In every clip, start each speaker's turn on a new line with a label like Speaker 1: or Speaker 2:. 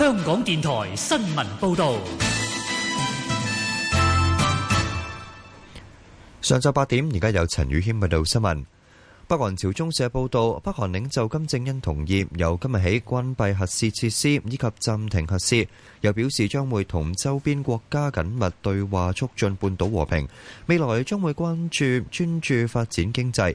Speaker 1: 香港電台新聞報道：上晝八點，而家有陳宇軒報道新聞。北韓朝中社報道，北韓領袖金正恩同意由今日起關閉核試設施以及暫停核試，又表示將會同周邊國家緊密對話，促進半島和平。未來將會關注專注發展經濟。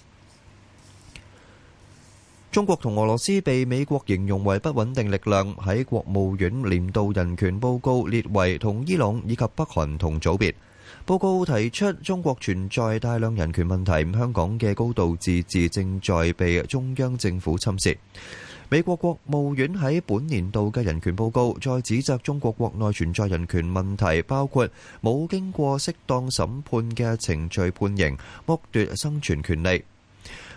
Speaker 1: 中國同俄羅斯被美國形容為不穩定力量，喺國務院年度人權報告列為同伊朗以及北韓同組別。報告提出中國存在大量人權問題，香港嘅高度自治正在被中央政府侵蝕。美國國務院喺本年度嘅人權報告再指責中國國內存在人權問題，包括冇經過適當審判嘅程序判刑，剝奪生存權利。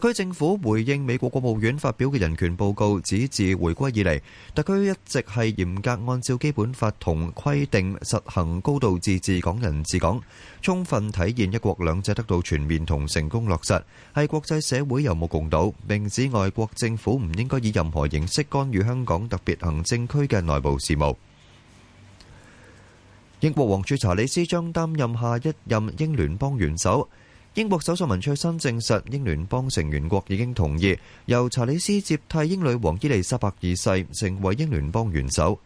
Speaker 1: 特區政府回應美國國務院發表嘅人權報告，指自回歸以嚟，特區一直係嚴格按照基本法同規定實行高度自治，港人治港，充分體現一國兩制得到全面同成功落實，係國際社會有目共睹，並指外國政府唔應該以任何形式干預香港特別行政區嘅內部事務。英國王儲查理斯將擔任下一任英聯邦元首。英國首相文翠珊證實，英聯邦成員國已經同意由查理斯接替英女王伊利莎白二世，成為英聯邦元首。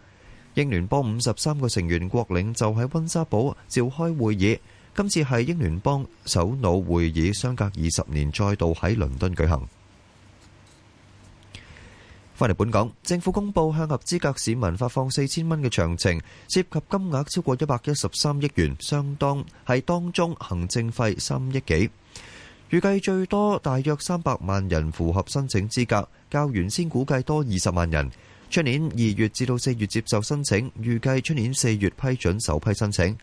Speaker 1: 英聯邦五十三個成員國領袖喺溫莎堡召開會議，今次係英聯邦首腦會議相隔二十年再度喺倫敦舉行。翻嚟本港，政府公布向合資格市民發放四千蚊嘅詳情，涉及金額超過一百一十三億元，相當係當中行政費三億幾。預計最多大約三百萬人符合申請資格，較原先估計多二十萬人。出年二月至到四月接受申請，預計出年四月批准首批申請。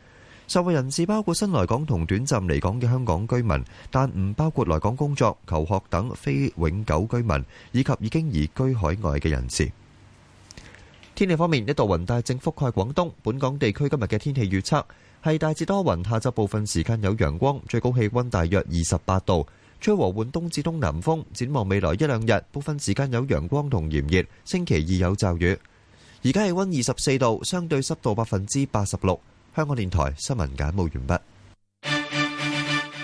Speaker 1: 受惠人士包括新來港同短暫嚟港嘅香港居民，但唔包括來港工作、求學等非永久居民，以及已經移居海外嘅人士。天氣方面，一道雲帶正覆蓋廣東本港地區。今日嘅天氣預測係大致多雲，下晝部分時間有陽光，最高氣溫大約二十八度，吹和緩東至東南風。展望未來一兩日，部分時間有陽光同炎熱，星期二有驟雨。而家氣溫二十四度，相對濕度百分之八十六。香港電台新聞簡報完畢。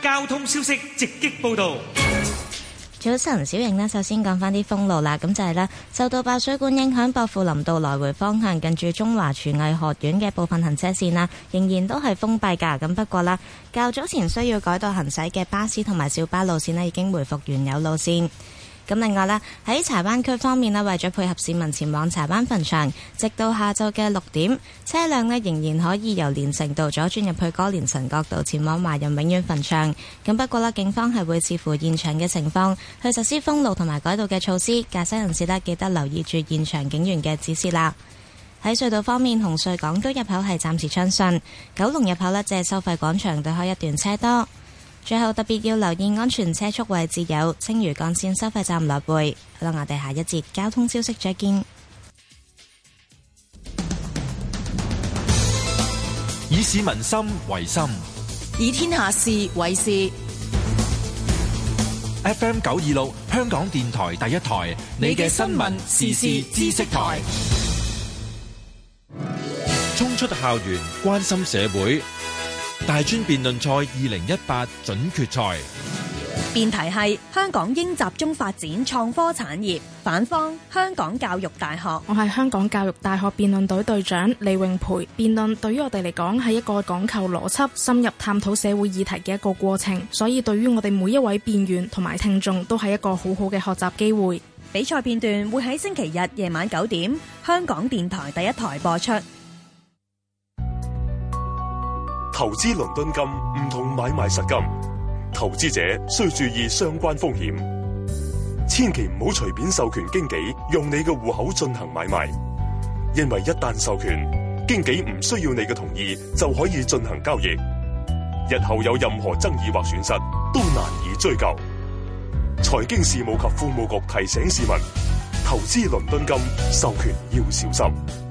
Speaker 1: 交通消息直擊報道。
Speaker 2: 早晨，小穎呢，首先講翻啲封路啦。咁就係啦，受到爆水管影響，薄扶林道來回方向近住中華廚藝學院嘅部分行車線啦，仍然都係封閉噶。咁不過啦，較早前需要改道行駛嘅巴士同埋小巴路線呢，已經回復原有路線。咁另外啦，喺柴灣區方面咧，為咗配合市民前往柴灣墳場，直到下晝嘅六點，車輛呢，仍然可以由連城道左轉入去歌連臣角道前往華人永遠墳場。咁不過咧，警方係會視乎現場嘅情況去實施封路同埋改道嘅措施。駕駛人士呢，記得留意住現場警員嘅指示啦。喺隧道方面，紅隧港島入口係暫時暢順，九龍入口呢，借收費廣場對開一段車多。最後特別要留意安全車速位置，有青嶼幹線收費站落背。好喇，我哋下一節交通消息再見。
Speaker 3: 以
Speaker 4: 市民心為心，
Speaker 2: 以天下事為事。
Speaker 4: F M 九二六香港電台第一台，你嘅新聞時事知識台，
Speaker 3: 衝出校園，關心社會。大專辯論賽二零一八準決賽，
Speaker 4: 辯
Speaker 2: 題係香港應集中發展創科產業。反方香港教育大學，我係香港教育大學辯論隊隊長李永培。辯論對於我哋嚟講係一個講求邏輯、深入探討社會議題嘅一個過程，所以對於我哋每一位辯員同埋聽眾都係一個好好嘅學習機會。比賽片段會喺星期日夜晚九點，香港電台第一台播出。
Speaker 3: 投資倫敦金唔同買賣實金，投資者需注意相關風險，千祈唔好隨便授權經紀用你嘅戶口進行買賣，因為一旦授權，經紀唔需要你嘅同意就可以進行交易，日後有任何爭議或損失都難以追究。財經事務及庫務局提醒市民，投資倫敦金
Speaker 1: 授權要小心。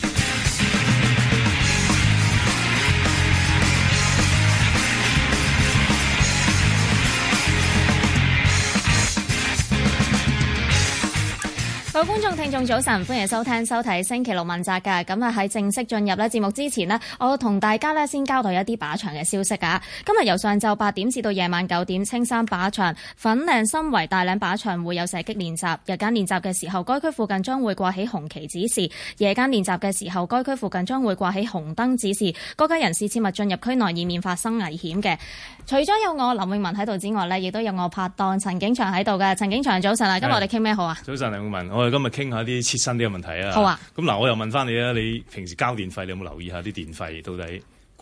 Speaker 5: 各位觀眾、聽眾，早晨，歡迎收聽收睇星期六問責嘅咁啊！喺正式進入呢節目之前呢，我同大家呢先交代一啲靶場嘅消息啊。今日由上晝八點至到夜晚九點，青山靶場粉嶺深圍大嶺靶場會有射擊練習。日間練習嘅時候，該區附近將會掛起紅旗指示；夜間練習嘅時候，該區附近將會掛起紅燈指示。各界人士切勿進入區內，以免發生危險嘅。除咗有我林永文喺度之外咧，亦都有我拍檔陳景祥喺度嘅。陳景祥早晨啊，今日我哋傾咩好啊？
Speaker 3: 早晨林永文，我哋今日傾下啲切身啲嘅問題啊。好啊。咁嗱，我又問翻你啊，你平時交電費，你有冇留意下啲電費到底？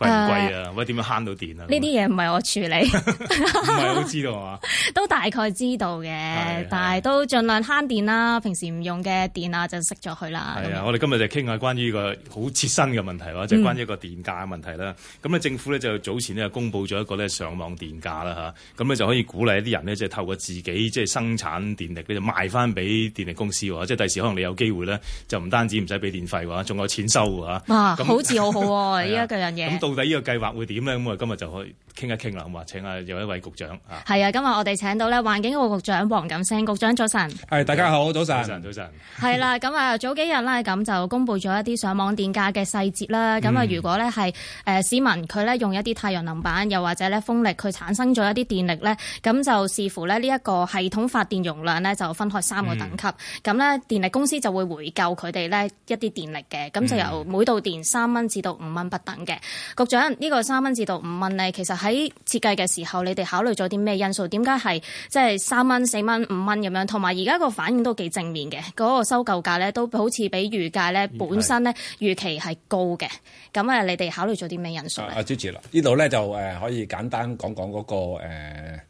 Speaker 3: 誒貴唔貴啊？唔知點樣慳到電啊？呢啲
Speaker 5: 嘢唔係我處理，
Speaker 3: 唔係都知道嘛？
Speaker 5: 都大概知道嘅，係係係，但係都盡量慳電啦。平時唔用嘅電啊，就熄咗佢啦。係啊！
Speaker 3: 我哋今日就傾下關於一個好切身嘅問題喎，即、就、係、係、關於一個電價嘅問題啦。咁、嗯、咧政府咧就早前就公布咗一個上網電價啦，咁你就可以鼓勵一啲人呢，即係透過自己即係生產電力咧就賣翻俾電力公司喎，即係第時可能你有機會呢，就唔單止唔使俾電費喎，仲有錢收喎好似好好、啊、喎，呢一、 啊、樣嘢。 到底呢個計劃會點咧？咁啊，今日就可以傾一傾啦。咁啊，請下有一位局長
Speaker 5: 嚇。係啊，今日我哋請到咧環境局局長黃錦星局長，早晨。
Speaker 3: 誒，大家好，早晨，早晨，
Speaker 6: 早晨。
Speaker 5: 係啦，咁啊，早幾日咧，咁就公佈咗一啲上網電價嘅細節啦。咁、嗯、啊，如果咧係誒市民佢咧用一啲太陽能板，又或者咧風力，佢產生咗一啲電力咧，咁就視乎咧呢一個系統發電容量咧，就分開三個等級。咁、嗯、咧，電力公司就會回購佢哋咧一啲電力嘅，咁就由每度電三蚊至到五蚊不等嘅。局長，呢、這個三蚊至到五蚊呢，其實喺設計嘅時候，你哋考慮咗啲咩因素？點解係即係三蚊、四蚊、五蚊咁樣？同埋而家個反應都幾正面嘅，嗰、那個收購價呢，都好似比預計呢本身呢預期係高嘅。咁啊，你哋考慮咗啲咩因素
Speaker 6: 咧？阿朱志呢度呢就誒、呃、可以簡單講講嗰、那個誒誒、呃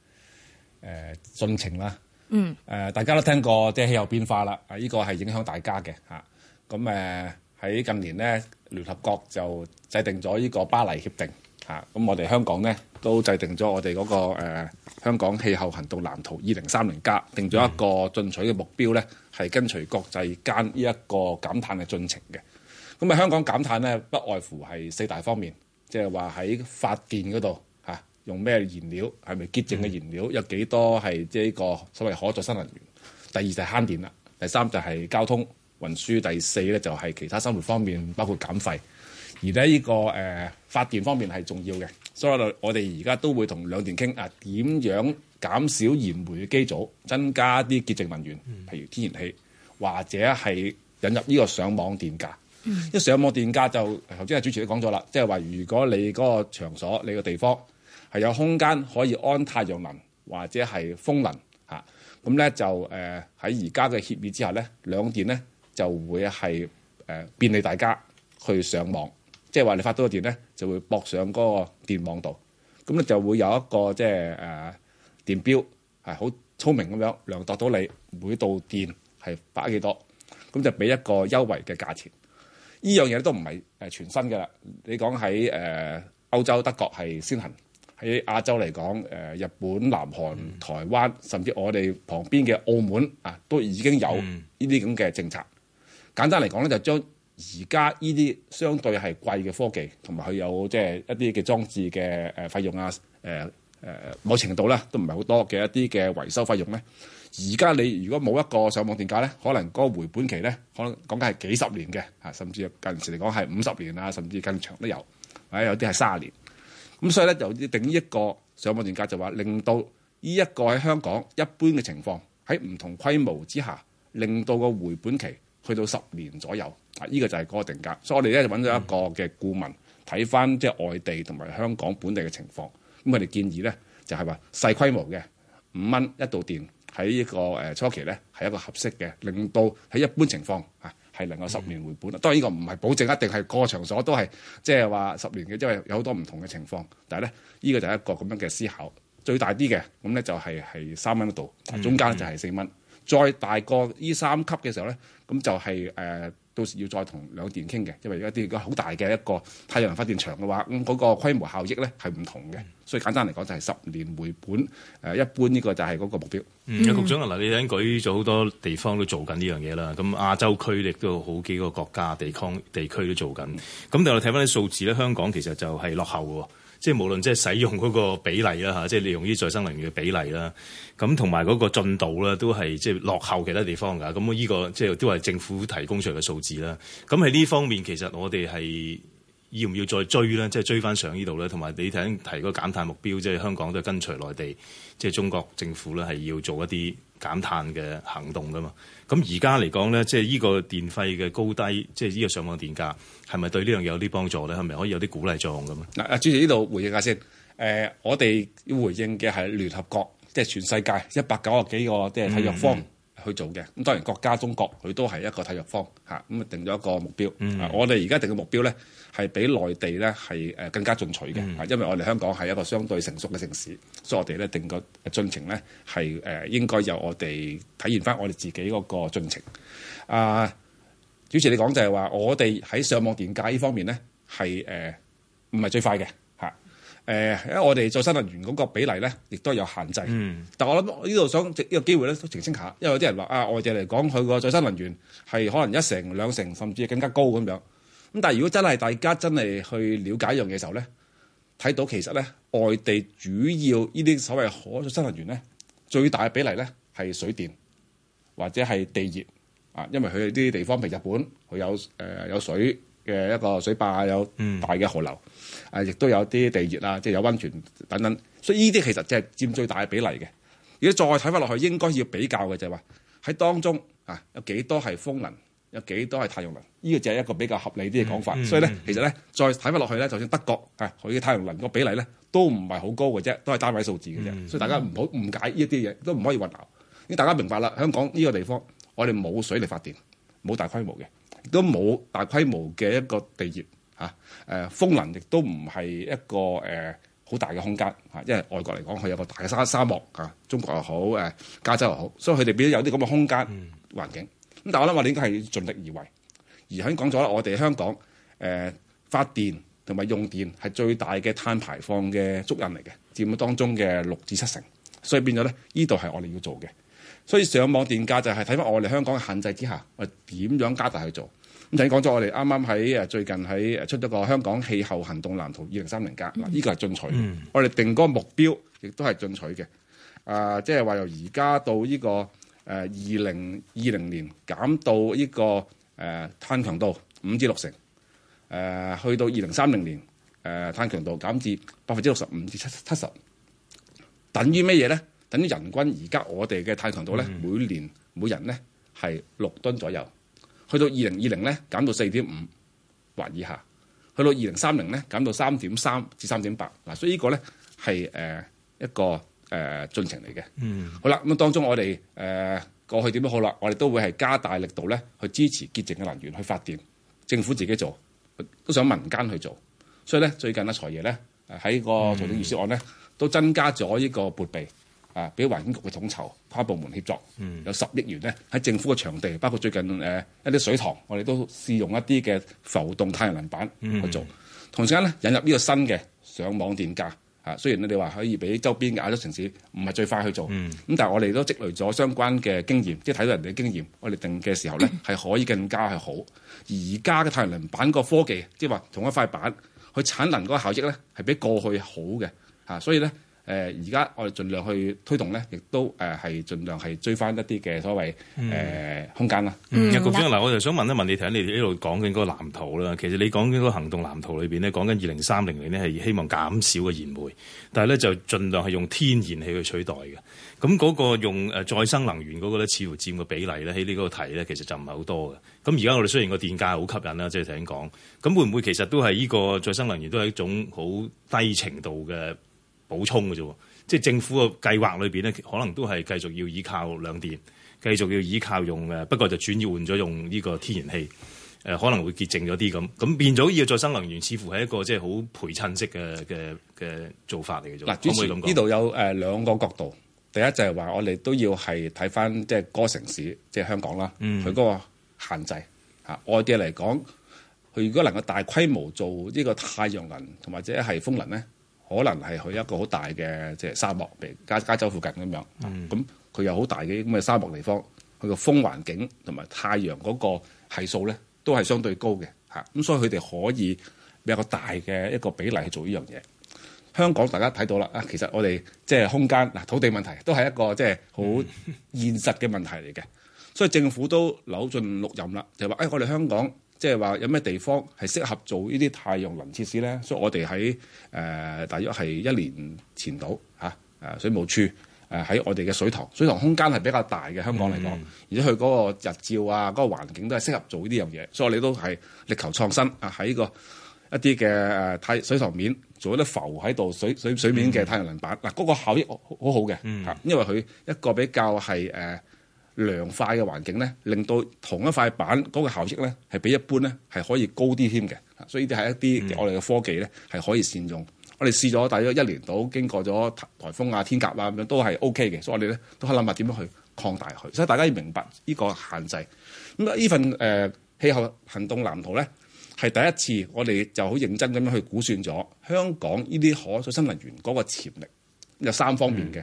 Speaker 6: 呃、進程啦。嗯。誒、呃，大家都聽過即係氣候變化啦。啊，呢個係影響大家嘅嚇。咁誒喺近年呢。聯合國就制定咗呢個巴黎協定，嚇，咁我哋香港呢，都制定咗我哋嗰個、那個、呃、香港氣候行動藍圖二零三零加，定咗一個進取嘅目標呢，係跟隨國際間呢一個減碳嘅進程嘅。咁啊，香港減碳呢，不外乎係四大方面，即係話喺發電嗰度嚇，用咩燃料，係咪潔淨嘅燃料，嗯、有幾多係即係呢個所謂可再生能源？第二就係慳電啦，第三就係交通。運輸第四咧，就係其他生活方面，包括減費。而呢、這、呢個誒、呃、發電方面係重要嘅，所以我哋我哋而家都會同兩電傾啊，點樣減少燃煤嘅機組，增加啲潔淨能源，譬如天然氣或者係引入呢個上網電價。因為上網電價就頭先阿主持都講咗啦，即係話如果你嗰個場所你個地方係有空間可以安太陽能或者係風能嚇，咁咧就誒喺而家嘅協議之下咧，兩電咧。就會係誒便利大家去上網，即係話你發到個電咧，就會駁上嗰個電網度，咁咧就會有一個即係誒電表係好聰明咁樣量度到你每度電係發幾多，咁就俾一個優惠嘅價錢。呢樣嘢都唔係誒全新嘅啦。你講喺誒歐洲德國係先行，喺亞洲嚟講誒日本、南韓、台灣、嗯，甚至我哋旁邊嘅澳門啊，都已經有呢啲咁嘅政策。嗯嗯簡單嚟講咧，就將而家呢啲相對係貴嘅科技，同埋佢有即係一啲嘅裝置嘅誒費用啊，誒、呃、誒、呃、某程度咧都唔係好多嘅一啲嘅維修費用咧。而家你如果冇一個上網電價咧，可能個回本期咧，可能講緊係幾十年嘅，甚至近時嚟講係五十年啊，甚至更長都有，係啊，有啲係三十年咁。所以咧，就定一個上網電價就，就話令到呢一個喺香港一般嘅情況，喺唔同規模之下，令到個回本期。去到十年左右，呢個就係嗰個定價。所以我哋咧就揾咗一個嘅顧問睇翻即係外地同埋香港本地嘅情況。咁佢哋建議咧就係話細規模嘅五蚊一度電喺呢個誒、呃、初期咧係一個合適嘅，令到喺一般情況下係能夠十年回本。嗯、當然呢個唔係保證，一定係個場所都係即係話十年嘅，因為有好多唔同嘅情況。但係咧呢個就係一個咁樣嘅思考。最大啲嘅咁咧就係係三蚊一度，中間就係四蚊。嗯嗯嗯再大過呢三級嘅時候咧，咁就係、是、誒、呃、到時要再同兩電傾嘅，因為而家啲好大嘅一個太陽能發電場嘅話，咁嗰個規模效益咧係唔同嘅。所以簡單嚟講，就係十年回本、呃、一般呢個就係嗰個目標。
Speaker 3: 阿、嗯、局長嗱、嗯，你已經舉咗好多地方都做緊呢樣嘢啦。咁亞洲區域都好幾個國家地方地區都做緊。咁我哋睇翻啲數字咧，香港其實就係落後喎。即係無論即係使用嗰個比例啦吓，即係利用於再生能源嘅比例啦，咁同埋嗰個進度啦，都係即係落後其他地方㗎。咁呢個即係都係政府提供出嚟嘅數字啦。咁喺呢方面其實我哋係要唔要再追咧？即係追翻上呢度咧。同埋你睇提嗰個減碳目標，即係香港都係跟隨內地，即係中國政府咧係要做一啲。減碳嘅行動噶嘛，咁而家嚟講咧，即係呢個電費嘅高低，即係呢個上網電價，係咪對呢樣嘢有啲幫助咧？係咪可以有啲鼓勵作用咁咧？嗱，主席呢度回應下先。誒、呃，我哋要回應嘅係聯
Speaker 6: 合國，即係全世界一百九十幾個，即係締約方、mm-hmm. 去做嘅。咁，當然國家中國佢都係一個體育方嚇咁啊，定咗一個目標、mm -hmm. 啊。我哋而家定嘅目標咧，係比內地咧係誒更加進取嘅，mm -hmm. 因為我哋香港係一個相對成熟嘅城市，所以我哋咧定個進程咧係誒應該由我哋體現翻我哋自己嗰個進程啊。主持你講就係話，我哋喺上網電價呢方面咧係誒唔係最快嘅。誒，因為我哋再生能源嗰個比例咧，亦都有限制。嗯、但我諗呢度想藉呢、呢個機會咧，澄清下，因為有啲人話啊，外地嚟講佢個再生能源係可能一成兩成，甚至更加高咁樣。咁但係如果真係大家真係去了解一樣嘢嘅時候咧，睇到其實咧，外地主要呢啲所謂可再生能源咧，最大嘅比例咧係水電或者係地熱啊，因為佢啲地方譬如日本，佢有誒、呃、有水嘅一個水壩，有大嘅河流。嗯。誒、啊，亦都有啲地熱啊，即係有溫泉等等，所以呢啲其實即係佔最大嘅比例嘅。如果再睇翻落去，應該要比較嘅就係話喺當中啊，有幾多係風能，有幾多係太陽能，呢、這個就係一個比較合理啲嘅講法、嗯。所以咧、嗯，其實咧，再睇翻落去咧，就算德國啊，佢、哎、嘅太陽能個比例咧，都唔係好高嘅啫，都係單位數字嘅啫、嗯。所以大家唔好誤解呢一啲嘢，都唔可以混淆。你大家明白啦，香港呢個地方，我哋冇水力發電，冇大規模嘅，亦都冇大規模嘅一個地熱。啊，誒風能亦都唔係一個誒好、啊、大嘅空間，嚇、啊，因為外國嚟講佢有一個大嘅沙沙漠啊，中國又好，誒、啊、加州又好，所以佢哋變咗有啲咁嘅空間環境。咁但係我諗我哋應該係盡力而為，而肯講咗啦，我哋香港誒、啊、發電同埋用電係最大嘅碳排放嘅足印嚟嘅，佔當中嘅六至七成，所以變咗咧，呢度係我哋要做嘅，所以上網電價就係睇返我哋香港嘅限制之下，我點樣加大去做。咁就喺講咗，我哋啱啱喺誒最近喺誒出咗個香港氣候行動藍圖二零三零格，呢個係進取的、嗯。我哋定嗰個目標亦都係進取嘅。誒、呃，即係話由而家到呢、這個誒二零二零年減到呢、這個誒碳、呃、強度五至六成，誒、呃、去到二零三零年誒碳、呃、強度減至百分之六十五至七七十，等於乜嘢咧？等於人均而家我哋嘅碳強度咧、嗯，每年每人咧係六噸左右。去到二零二零咧，減到四點五或以下；去到二零三零咧，減到三點三至三點八。嗱，所以呢個咧係誒一個誒、呃、進程嚟嘅。嗯。好啦，咁啊當中我哋誒、呃、過去點都好啦，我哋都會係加大力度咧去支持潔淨嘅能源去發電，政府自己做，都想民間去做。所以咧，最近啊財爺咧喺個財政預算案咧、嗯、都增加咗呢個撥備。啊！俾環境局嘅統籌，跨部門協作、嗯，有十億元咧喺政府嘅場地，包括最近誒、呃、一啲水塘，我哋都試用一啲嘅浮動太陽能板去做。嗯、同時間咧，引入呢個新嘅上網電價。啊，雖然你哋話可以俾周邊嘅亞洲城市唔係最快去做，咁、嗯、但係我哋都積累咗相關嘅經驗，即係睇到人哋嘅經驗，我哋定嘅時候咧係、嗯、可以更加好。而家嘅太陽能板個科技，即係話同一塊板去產能嗰個效益咧係比過去好嘅、啊。所以咧。誒而家我哋盡量去推動咧，亦都誒係盡量係追翻一啲嘅所謂誒空間啦。嗯，局長嗱，
Speaker 3: 我就想問一問你，睇你呢度講講緊嗰個藍圖啦。其實你講緊嗰個行動藍圖裏面呢，講緊二零三零年呢，係希望減少嘅燃煤，但係咧就盡量係用天然氣去取代嘅。咁嗰個用誒再生能源嗰個咧，似乎佔嘅比例咧喺呢個題咧，其實就唔係好多嘅。咁而家我哋雖然個電價好吸引啦，即係頭先講，咁會唔會其實都係呢個再生能源都係一種好低程度嘅？補充嘅啫，即係政府嘅計劃裏邊咧，可能都係繼續要依靠兩電，繼續要依靠用誒，不過就轉換咗用呢個天然氣，誒可能會潔淨咗啲咁，咁變咗要再生能源，似乎係一個即係好陪襯式嘅嘅嘅做法嚟嘅。咁，可唔可以咁講？呢度
Speaker 6: 有誒兩個角度，第一就係話我哋都要係睇翻即係個城市，即係香港啦，佢嗰個限制嚇。外地嚟講，佢如果能夠大規模做呢個太陽能同或者係風能咧。可能係去一個好大嘅即係沙漠，譬如加州附近咁樣。咁、嗯、佢有好大嘅咁嘅沙漠地方，佢個風環境同埋太陽嗰個係數咧，都係相對高嘅嚇。咁所以佢哋可以比較大嘅一個比例去做呢樣嘢。香港大家睇到啦，啊，其實我哋即係空間嗱土地問題都係一個即係好現實嘅問題嚟嘅。所以政府都扭盡六壬啦，就係話誒，我哋香港。即係話有咩地方係適合做呢啲太陽能設施咧？所以我哋喺誒大約係一年前度嚇、啊啊、水務處誒喺、啊、我哋嘅水塘，水塘空間係比較大嘅香港嚟講，而且佢嗰個日照啊、嗰、嗰個環境都係適合做呢啲樣嘢。所以我哋都係力求創新啊！喺個一啲嘅太水塘面做一啲浮喺度水水水面嘅太陽能板嗱，嗰、嗯啊嗰個效益好好嘅、嗯啊、因為佢一個比較係誒。啊涼快嘅環境咧，令到同一塊板嗰個效益咧，係比一般咧係可以高啲添嘅。所以呢啲係一啲我哋嘅科技咧係可以善用。我哋試咗大約一年到，經過咗颱風啊、天鴿啊咁樣都係 OK 嘅。所以我哋咧都喺諗下點樣去擴大佢。所以大家要明白呢個限制。咁呢份誒、呃、氣候行動藍圖咧係第一次我哋就好認真咁樣去估算咗香港呢啲可再生能源嗰個潛力，有三方面嘅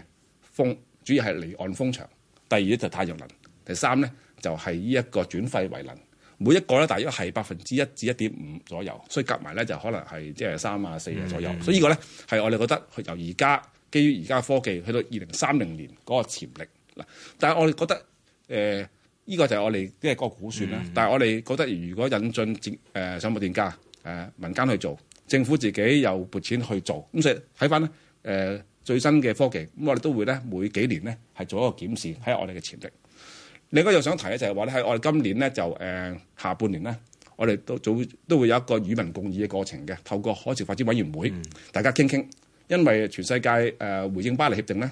Speaker 6: 風，嗯、主要係離岸風場。第二咧就是太陽能，第三咧就係呢一個轉廢為能，每一個咧大約係百分之一至一點五左右，所以夾埋咧就可能係即係三啊四啊左右。嗯、所以呢個咧係我哋覺，覺得，由而家基於而家科技去到二零三零年嗰個潛力嗱。但係我哋覺得誒呢個就係我哋即係個估算啦、嗯。但係我哋覺得如果引進誒上網電價誒、呃、民間去做，政府自己又撥錢去做，咁就睇翻咧誒。呃最新嘅科技，咁我哋都會咧每幾年咧係做一個檢視喺我哋嘅潛力。另外又想提嘅就係話咧喺我哋今年咧就誒、呃、下半年咧，我哋都做都會有一個與民共議嘅過程嘅，透過海事發展委員會，大家傾傾。因為全世界誒、呃、回應巴黎協定咧，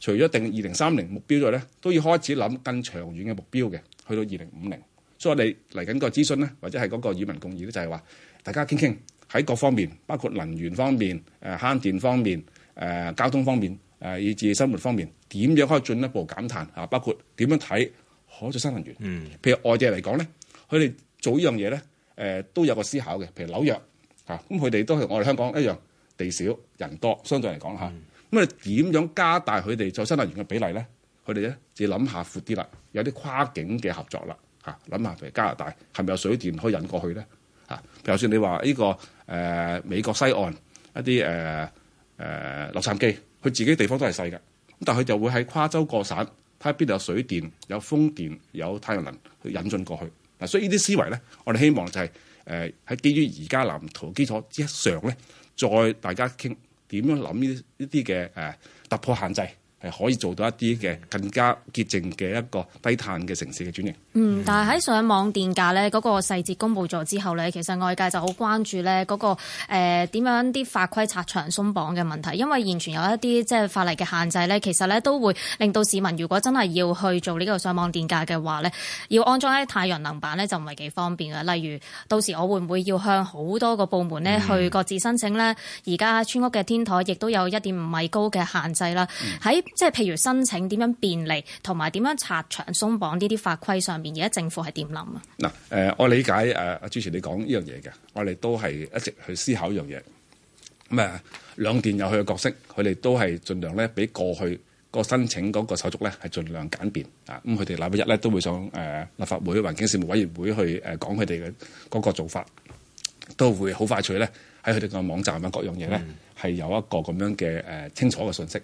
Speaker 6: 除咗定二零三零目標之外咧，都要開始諗更長遠嘅目標嘅，去到二零五零。所以我哋嚟緊個諮詢咧，或者係嗰個與民共議咧，就係話大家傾傾喺各方面，包括能源方面、誒、呃、慳電方面。誒、呃、交通方面，誒、呃、以至生活方面，點樣可以進一步減碳啊？包括點樣睇可再生能源？嗯，譬如外地嚟講咧，佢哋做依樣嘢咧，誒、呃、都有個思考嘅。譬如紐約啊，咁佢哋都係我哋香港一樣地少人多，相對嚟講嚇。咁、啊嗯、你點樣加大佢哋再生能源嘅比例咧？佢哋咧就諗下闊啲啦，有啲跨境嘅合作啦嚇。諗、啊、下譬如加拿大係咪有水電可以引過去咧嚇、啊？譬如就算你話呢、這個誒、呃、美國西岸一啲誒。呃誒洛杉磯，佢自己的地方都係細嘅，咁但係佢就會喺跨州過省，睇下邊度有水電、有風電、有太陽能去引進過去。嗱，所以這些思維呢啲思維咧，我哋希望就係誒喺基於而家藍圖基礎之上咧，再大家傾點樣諗呢呢啲嘅誒突破限制，係可以做到一啲嘅更加潔淨嘅一個低碳嘅城市嘅轉型。
Speaker 5: 嗯，但係喺上網電價呢嗰個細節公佈咗之後呢，其實外界就好關注呢、那、嗰個誒點、呃、樣啲法規拆牆鬆綁嘅問題，因為現存有一啲即係法例嘅限制呢，其實呢都會令到市民如果真係要去做呢個上網電價嘅話呢，要安裝啲太陽能板呢，就唔係幾方便嘅。例如到時我會唔會要向好多個部門呢去各自申請呢？而家村屋嘅天台亦都有一點五米高嘅限制啦。喺即係譬如申請點樣便利同埋點樣拆牆鬆綁呢啲法規上面。而家政府係點諗啊？
Speaker 6: 嗱，誒，我理解誒，阿主持你講呢樣嘢嘅，我哋都係一直去思考一樣嘢咁誒。兩電有佢嘅角色，佢哋都係盡量咧，畀過去個申請嗰個手續咧係盡量簡便啊。咁佢哋禮拜一咧都會上誒、呃、立法會環境事務委員會去誒、呃、講佢哋嘅嗰個做法，都會好快脆咧喺佢哋個網站啊各樣嘢咧係有一個咁樣嘅誒、呃、清楚嘅信息。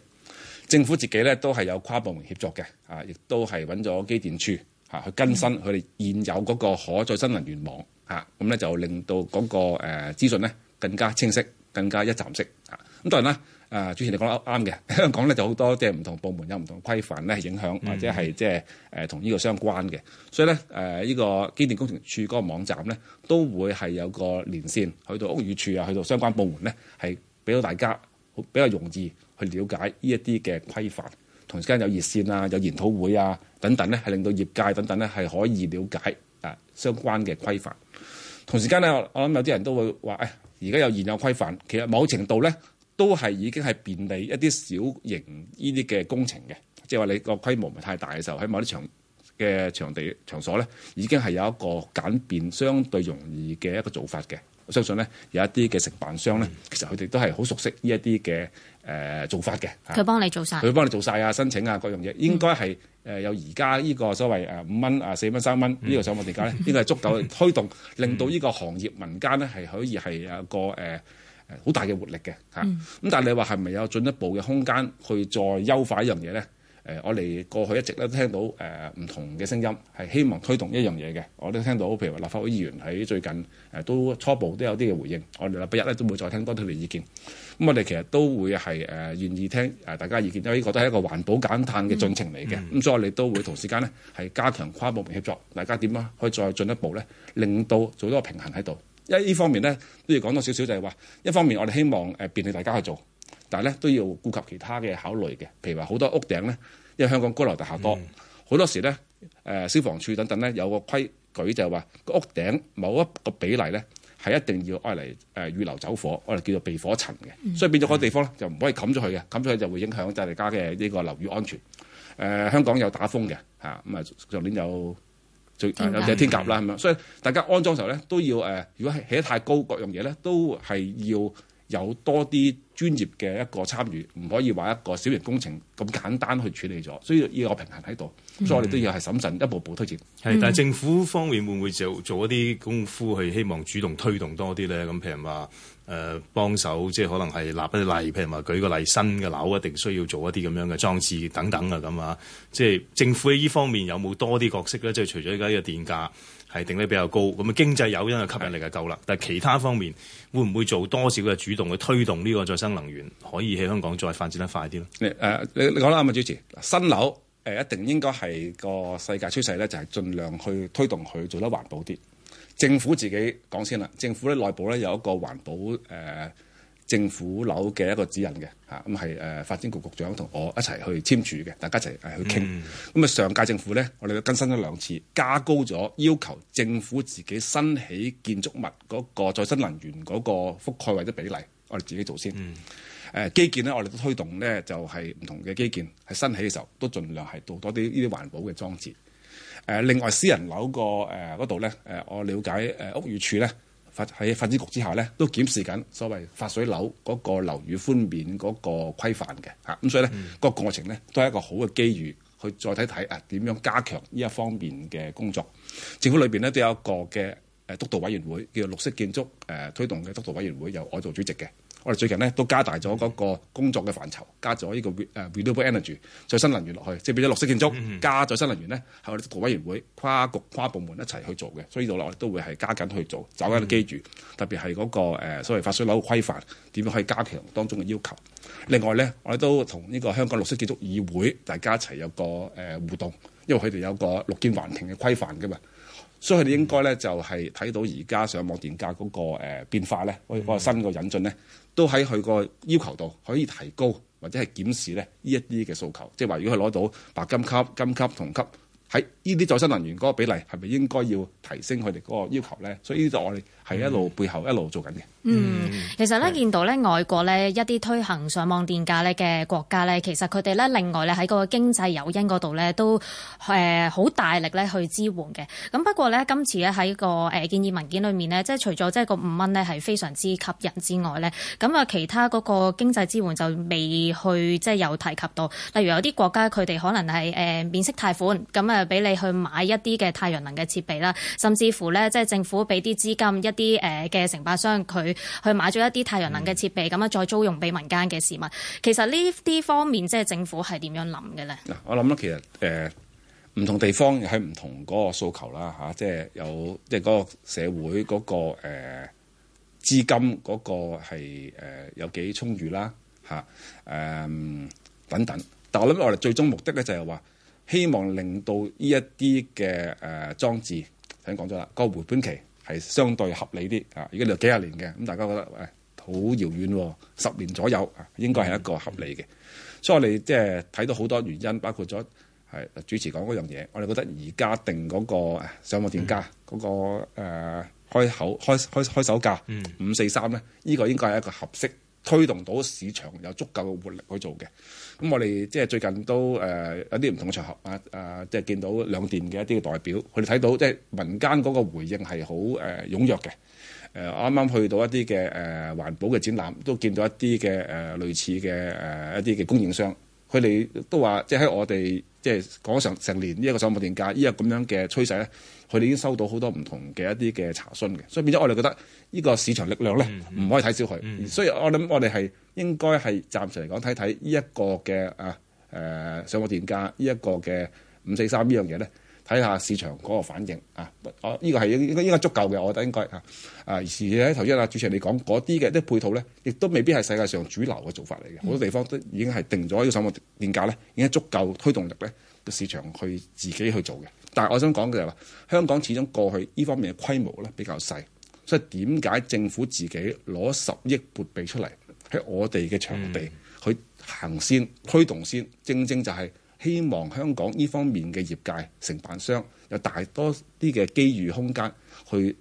Speaker 6: 政府自己咧都係有跨部門協作嘅啊，亦都係揾咗機電處。啊，去更新佢哋現有嗰個可再生能源網啊，咁咧就令到嗰個誒資訊咧更加清晰、更加一站式啊。咁當然啦，啊主席你講得啱嘅，香港咧就好多即係唔同部門有唔同規範咧影響，嗯、或者係即係誒同呢個相關嘅。所以咧誒呢個機電工程署嗰個網站咧都會係有個連線去到屋宇署啊，去到相關部門咧係俾到大家比較容易去了解呢一啲嘅規範。同時間有熱線啊，有研討會啊等等咧，係令到業界等等咧係可以了解誒相關嘅規範。同時間咧，我我諗有啲人都會話誒，哎、而家有現有規範，其實某程度咧都係已經係便利一啲小型呢啲嘅工程嘅，即係話你個規模唔係太大嘅時候，喺某啲場嘅場地場所咧，已經係有一個簡便、相對容易嘅一個做法嘅。我相信咧有一啲嘅承辦商咧，其實佢哋都係好熟悉呢一啲嘅。誒、呃、做法嘅，佢
Speaker 5: 幫你做晒，佢
Speaker 6: 幫你做晒啊！申請啊，各樣嘢應該係誒、嗯呃、有而家呢個所謂誒五蚊啊四蚊三蚊呢個上網電價咧，應該係足夠推動， 令到呢個行業民間咧係可以係啊個誒好、呃、大嘅活力嘅咁、嗯、但係你話係咪有進一步嘅空間去再優化一樣嘢咧？誒，我哋過去一直咧都聽到誒唔、呃、同嘅聲音，係希望推動一樣嘢嘅。我都聽到譬如話立法會議員喺最近誒都初步都有啲嘅回應。我哋禮拜一咧都會再聽多佢哋意見。咁我哋其實都會係誒、呃、願意聽誒、呃、大家意見，因為呢個都係一個環保減碳嘅進程嚟嘅。咁、嗯、所以我哋都會同時間咧係加強跨部門協作，大家點啊可以再進一步咧，令到做多個平衡喺度。因為呢方面咧都要講多少少，就係話一方面我哋希望誒便利大家去做，但係咧都要顧及其他嘅考慮嘅，譬如話好多屋頂咧，因為香港高樓大廈多，好、嗯、多時咧誒、呃、消防處等等咧有個規矩就係話個屋頂某一個比例咧。係一定要愛嚟誒預留走火，愛嚟叫做避火層嘅，所以變咗個地方咧就唔可以冚咗佢嘅，冚咗佢就會影響即係大家嘅呢個樓宇安全。誒、呃、香港有打風嘅嚇，咁啊上年有最、啊、有隻天鴿啦咁樣，所以大家安裝嘅時候咧都要誒、呃，如果係起得太高，各樣嘢咧都係要。有多啲專業嘅一個參與，唔可以話一個小型工程咁簡
Speaker 3: 單去處理咗，所以要有平衡喺度、嗯，所以我哋都要係審慎一步步推進。係，但係政府方面會唔會做做一啲功夫去希望主動推動多啲咧？咁譬如話誒、呃、幫手，即可能係立一啲例，譬如話舉個例，新嘅樓一定需要做一啲咁樣嘅裝置等等啊咁啊，即係政府喺依方面有冇多啲角色咧？即除咗而家嘅電價係定得比較高，咁啊經濟有因嘅吸引力就夠啦，但係其他方面會唔會做多少嘅主動去推動呢個再生能源，可以喺香港再發展得快啲咧？誒，你、呃、你講啦，咁啊，主持新樓誒、呃，一定應該係個世界
Speaker 6: 趨勢咧，就係、是、盡量去推動佢做得環保啲。政府自己講先啦，政府咧內部咧有一個環保誒。呃政府樓嘅一個指引嘅吓，咁係誒發展局局長同我一齊去簽署嘅，大家一齊去傾。咁、嗯、啊上屆政府咧，我哋都更新咗兩次，加高咗要求政府自己新起建築物嗰個再生能源嗰個覆蓋或者比例，我哋自己做先。誒、嗯呃、基建咧，我哋都推動咧，就係、是、唔同嘅基建喺新起嘅時候，都盡量係做多啲呢啲環保嘅裝置。誒、呃，另外私人樓個誒嗰度咧，誒、呃、我了解誒、呃、屋宇署咧。喺發展局之下咧，都檢視緊所謂發水樓嗰個樓宇寬免嗰個規範嘅。咁、啊、所以咧，個過程咧都係一個好嘅機遇，去再睇睇啊點樣加強呢一方面嘅工作。政府裏面咧都有一個嘅誒、呃、督導委員會，叫做綠色建築、呃、推動嘅督導委員會，由我做主席嘅。我哋最近咧都加大咗嗰個工作嘅範疇，加咗呢個誒 re,、uh, renewable energy 再生能源落去，即係變咗綠色建築，mm -hmm. 加咗新能源咧，係我哋土委，委員會跨局跨部門一齊去做嘅，所以呢度落咧都會係加緊去做，找緊機遇。Mm -hmm. 特別係嗰個、呃、所謂發水樓嘅規範點樣可以加強當中嘅要求。另外咧，我哋都同呢個香港綠色建築議會大家一齊有一個誒、呃、互動，因為佢哋有個綠建環評嘅規範噶嘛。所以你應該咧就係睇到而家上網電價嗰個變化咧，嗰個新個引進咧，都喺佢個要求度可以提高或者係檢視咧呢一啲嘅訴求，即係話如果佢攞到白金級、金級、銅級。喺依啲再生能源嗰個比例係咪應該要提升佢哋嗰個要求咧？所以呢啲就我哋係一路、嗯、背後一路在做緊嘅。嗯，
Speaker 5: 其實咧見到咧外國咧一啲推行上網電價咧嘅國家咧，其實佢哋咧另外咧喺個經濟誘因嗰度咧都誒好大力咧去支援嘅。咁不過咧今次咧喺個誒建議文件裡面呢，即係除咗即係個五蚊咧係非常之吸引之外咧，咁啊其他嗰個經濟支援就未去即係、就是、有提及到。例如有啲國家佢哋可能係誒、呃、免息貸款咁啊。俾你去買一啲嘅太陽能嘅設備啦，甚至乎咧，即係政府俾啲資金，一啲誒嘅承辦商佢去買咗一啲太陽能嘅設備，咁啊再租用俾民間嘅市民。其實呢啲方面，即係政府係點樣諗嘅咧？嗱，
Speaker 6: 我諗咧，其實誒唔、呃、同地方喺唔同嗰個訴求啦，吓、啊，即係有即係嗰個社會嗰、那個誒、呃、資金嗰個係誒、呃、有幾充裕啦，吓、啊、誒、嗯、等等。但係我諗我哋最終的目的咧就係話。希望令到呢一啲嘅誒裝置，頭先講咗啦，個回本期係相對合理啲啊！如果你幾十年嘅，咁大家覺得誒、哎、好遙遠喎，十年左右啊，應該係一個合理嘅。嗯、所以我哋即係睇到好多原因，包括咗係、哎、主持講嗰樣嘢，我哋覺得而家定嗰個上網電價嗰個誒、呃、開口開開開手價五四三咧，嗯、43，呢、呢個應該係一個合適。推動到市場有足夠嘅活力去做嘅，咁我哋即係最近都誒、呃、有啲唔同嘅場合啊，誒即係見到兩電嘅一啲嘅代表，佢哋睇到即係民間嗰個回應係好誒踴躍嘅。誒啱啱去到一啲嘅誒環保嘅展覽，都見到一啲嘅誒類似嘅誒、呃、一啲嘅供應商，佢哋都話即係喺我哋。即係講成成年呢一個上網電價，呢、這、一個咁樣嘅趨勢咧，佢哋已經收到好多唔同嘅一啲嘅查詢嘅，所以變咗我哋覺得呢個市場力量咧，唔可以睇小佢。所以我諗我哋係應該係暫時嚟講睇睇呢一個嘅啊誒上網電價，這個、這呢一個嘅五四三呢樣嘢咧。睇下市場嗰個反應啊！我依、啊這個係應該應該足夠嘅，我覺得應該啊！啊，而似喺頭先阿主席你講嗰啲嘅啲配套咧，亦都未必係世界上主流嘅做法嚟嘅。好多地方都已經係定咗個上網電價咧，已經足夠推動力咧個市場去自己去做嘅。但係我想講嘅就係話，香港始終過去呢方面嘅規模咧比較細，所以點解政府自己攞十億撥備出嚟喺我哋嘅場地去行先推動先，正正，正就係、是。希望香港呢方面嘅業界承辦商有大多啲嘅機遇空間去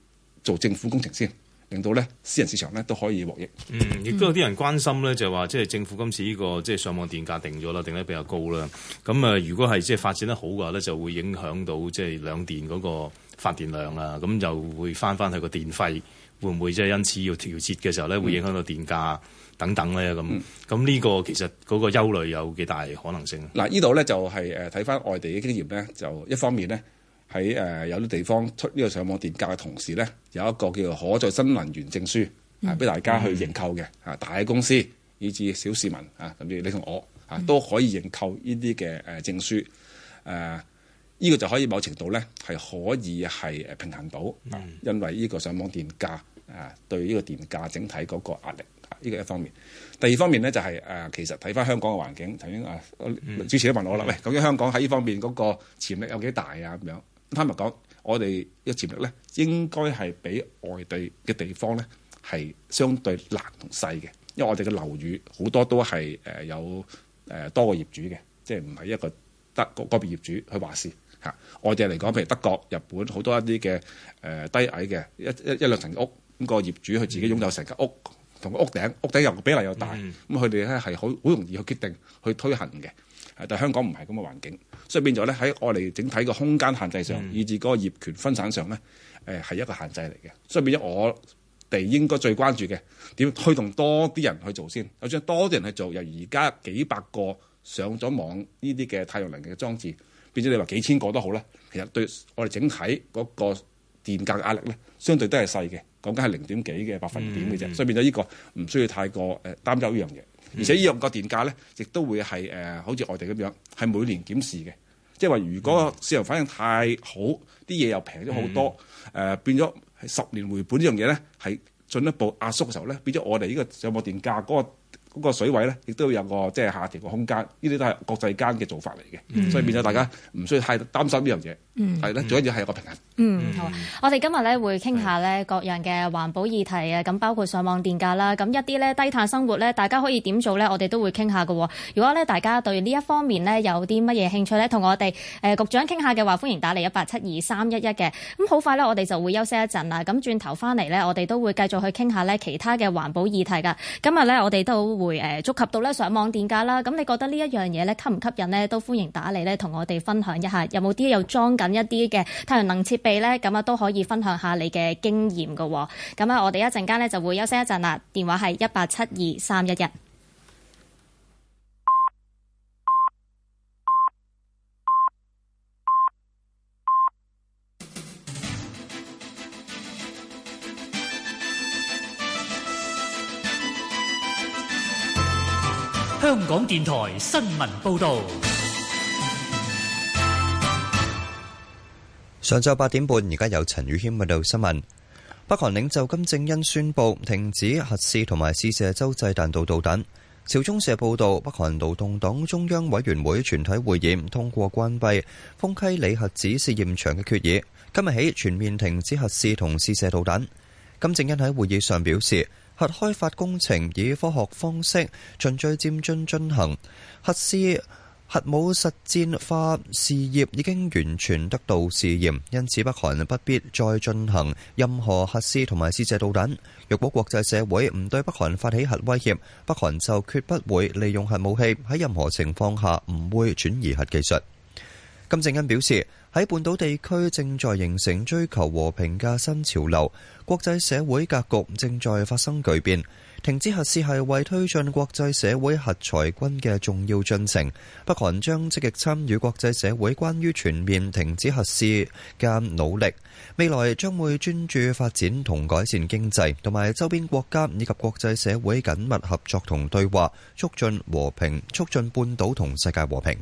Speaker 6: 做政府工程先，令到咧私人市場咧都可以獲益。嗯，
Speaker 3: 亦都有啲人關心咧，就係話即係政府今次呢個即係上網電價定咗啦，定得比較高啦。咁啊，如果係即係發展得好嘅話咧，就會影響到即係兩電嗰個發電量啊。咁就會翻翻去個電費，會唔會即係因此要調節嘅時候咧，會影響到電價。嗯等等咧，咁咁呢個其實嗰個憂慮有幾大可能性？嗱、嗯，呢度咧就
Speaker 6: 係誒睇翻外地嘅經驗咧，就一方面咧喺誒有啲地方出呢個上網電價嘅同時咧，有一個叫做可再生能源證書啊、嗯，俾大家去認購嘅啊、嗯，大公司以至小市民啊，甚至你同我啊都可以認購呢啲嘅誒證書誒，依、嗯啊呢個就可以某程度咧係可以係誒平衡到，嗯、因為呢個上網電價啊對呢個電價整體嗰個壓力。呢、個一方面，第二方面咧就係誒，其實睇翻香港嘅環境，曾經啊主持都問我啦，喂、嗯，究竟香港喺呢方面嗰個潛力有幾大啊？咁樣坦白講，我哋嘅潛力咧應該係比外地嘅地方咧係相對難同細嘅，因為我哋嘅樓宇好多都係誒有誒多個業主嘅，即係唔係一個德國嗰嗰邊業主去話事嚇。外地嚟講，譬如德國、日本好多一啲嘅誒低矮嘅一一一兩層屋，咁個業主佢自己擁有成間屋。嗯嗯同個屋頂，屋頂又比例又大，咁佢哋咧係好好容易去決定去推行嘅。但係香港唔係咁嘅環境，所以變咗咧喺我哋整體嘅空間限制上，嗯、以至嗰個業權分散上咧，誒係一個限制嚟嘅。所以變咗我哋應該最關注嘅點樣推動多啲人去做先。就算多啲人去做，由而家幾百個上咗網呢啲嘅太陽能嘅裝置，變咗你話幾千個都好啦。其實對我哋整體嗰、那個。電價壓力咧，相對都係細嘅，講緊係零點幾嘅百分點嘅啫、嗯，所以變咗呢、這個唔需要太過誒、呃、擔憂呢樣嘢，而且呢樣個電價咧，亦都會係誒、呃、好似外地咁樣，係每年檢視嘅，即係話如果市場反應太好，啲嘢又平咗好多，誒、嗯呃、變咗係十年回本呢樣嘢咧，係進一步壓縮嘅時候咧，變咗我哋呢個上網電價嗰、那個。嗰、那個水位咧，亦都要有個即係下調嘅空間，呢啲都係國際間嘅做法嚟嘅、嗯，所以變咗大家唔需要太擔心、嗯、呢樣嘢。係、嗯、咧，最重要係一個平衡。嗯，
Speaker 5: 好。我哋今日咧會傾下咧各樣嘅環保議題啊，咁包括上網電價啦，咁一啲咧低碳生活咧，大家可以點做咧？我哋都會傾下噶。如果咧大家對呢一方面咧有啲乜嘢興趣咧，同我哋誒局長傾下嘅話，歡迎打嚟一八七二三一一嘅。咁好快咧，我哋就會休息一陣啦。咁轉頭翻嚟咧，我哋都會繼續去傾下咧其他嘅環保議題噶。今日咧，我哋都會誒，觸及到咧上網電價啦。咁你覺得呢一樣嘢咧吸唔吸引呢？都歡迎打嚟咧，同我哋分享一下。有冇啲又裝緊一啲嘅太陽能設備呢？咁啊都可以分享下你嘅經驗㗎。咁啊，我哋一陣間呢就會休息一陣啦。電話係一八七二三一一。
Speaker 1: 香港電台新聞報道：上晝八點半，而家有陳宇謙報道新聞。北韓領袖金正恩宣布停止核試同埋試射洲際彈道導彈。朝中社報道，北韓勞動黨中央委員會全體會議通過關閉豐溪里核子試驗場嘅決議，今日起全面停止核試同試射導彈。金正恩喺會議上表示。核開發工程以科學方式循序漸進進行，核試核武實戰化事業已經完全得到試驗，因此北韓不必再進行任何核試同埋試射導彈。若果國際社會唔對北韓發起核威脅，北韓就決不會利用核武器，喺任何情況下唔會轉移核技術。金正恩表示。喺半島地區正在形成追求和平嘅新潮流，國際社會格局正在發生巨變。停止核試係為推進國際社會核裁軍嘅重要進程，北韓將積極參與國際社會關於全面停止核試嘅努力。未來將會專注發展同改善經濟，同埋周邊國家以及國際社會緊密合作同對話，促進和平，促進半島同世界和平。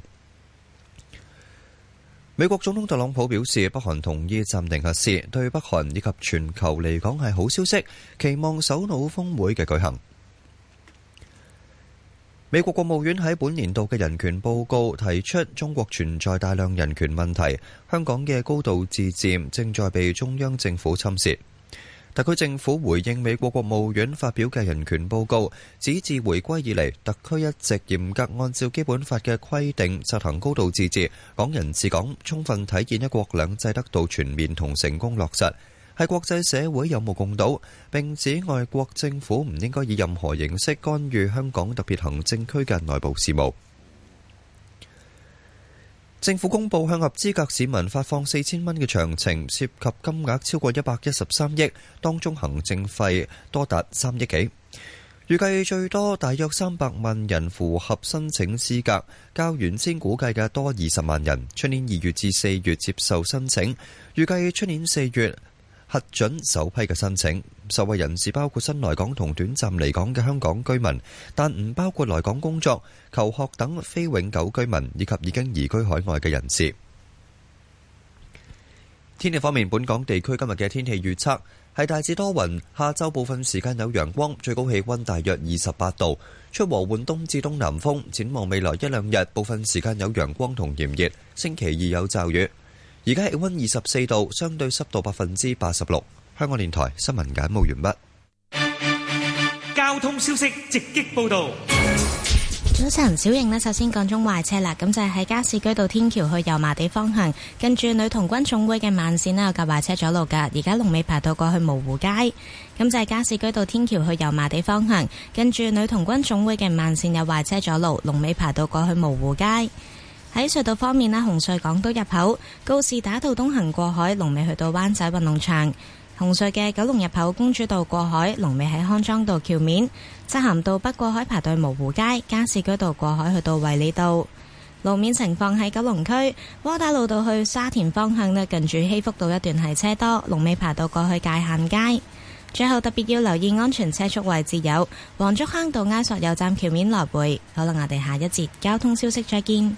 Speaker 1: 美國總統特朗普表示，北韓同意暫停核試，對北韓以及全球嚟講係好消息，期望首腦峰會嘅舉行。美國國務院喺本年度嘅人權報告提出，中國存在大量人權問題，香港嘅高度自治正在被中央政府侵蝕。特區政府回應美國國務院發表嘅人權報告，指自回歸以嚟，特區一直嚴格按照基本法嘅規定實行高度自治，港人治港，充分體現一國兩制得到全面同成功落實，係國際社會有目共睹，並指外國政府唔應該以任何形式干預香港特別行政區嘅內部事務。政府公布向合資格市民發放四千蚊嘅詳情，涉及金額超過一百一十三億，當中行政費多達三億幾。預計最多大約三百萬人符合申請資格，較原先估計嘅多二十萬人。出年二月至四月接受申請，預計出年四月，核准首批嘅申請，受惠人士包括新來港同短暫嚟港嘅香港居民，但唔包括來港工作、求學等非永久居民以及已經移居海外嘅人士。天氣方面，本港地區今日嘅天氣預測係大致多雲，下週部分時間有陽光，最高氣温大約二十八度，出和緩東至東南風。展望未來一兩日，部分時間有陽光同炎熱，星期二有驟雨。而家氣溫二十四度，相對濕度百分之八十六。香港電台新聞簡報完畢。交通消息直擊報道。
Speaker 2: 早晨，小瑩呢，首先講中壞車啦，咁就係喺加士居道天橋去油麻地方向，跟住女童軍總會嘅慢線呢有架壞車阻路噶，而家龍尾排到過去蕪湖街。咁就係加士居道天橋去油麻地方向，跟住女童軍總會嘅慢線有壞車阻路，龍尾排到過去蕪湖街。喺隧道方面啦，紅隧港島入口告士打道東行過海，龍尾去到灣仔運動場；紅隧嘅九龍入口公主道過海，龍尾喺康莊道橋面；漆咸道北過海排到蕪湖街，加士居道過海去到衛理道。路面情況，喺九龍區窩打老道去沙田方向咧，近住希福道一段係車多，龍尾爬到過去界限街。最後特別要留意安全車速位置有黃竹坑道埃索油站橋面來回。可能我哋下一節交通消息再見。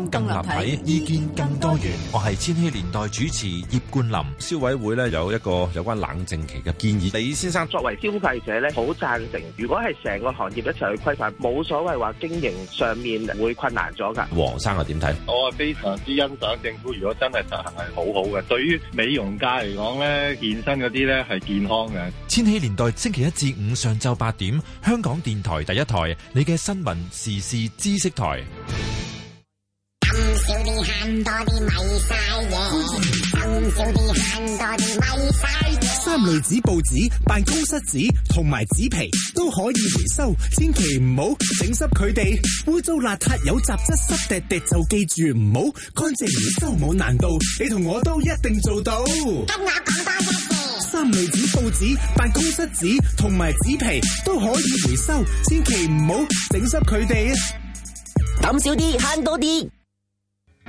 Speaker 1: 立體
Speaker 6: 意見更多元。我係千禧年代主持葉冠霖。消委會呢有一個有關冷靜期嘅建議。李先生作為消費者咧，好贊成。
Speaker 4: 如果係成個行業一齊去規範，冇所謂話經營上面會困難咗㗎。黃生，又點睇？我係非常之欣賞政府，如果真係實行係好好嘅。對於美容界嚟講呢，健身嗰啲呢係健康嘅。
Speaker 6: 千禧年代星期一至五上晝八點，
Speaker 3: 香港電台第一台，你嘅新聞時事知識台。
Speaker 1: 多多多多三類紙、報紙、辦公室紙同埋紙皮都可以回收，千祈唔好整濕佢哋。污糟邋遢，有雜質、濕滴滴就記住唔好乾淨。回收冇難度，你同我都一定做到。今日講多一次。三類紙、報紙、辦公室紙同埋紙皮都可以回收，千祈唔好整濕佢哋啊！抌少啲，慳多啲。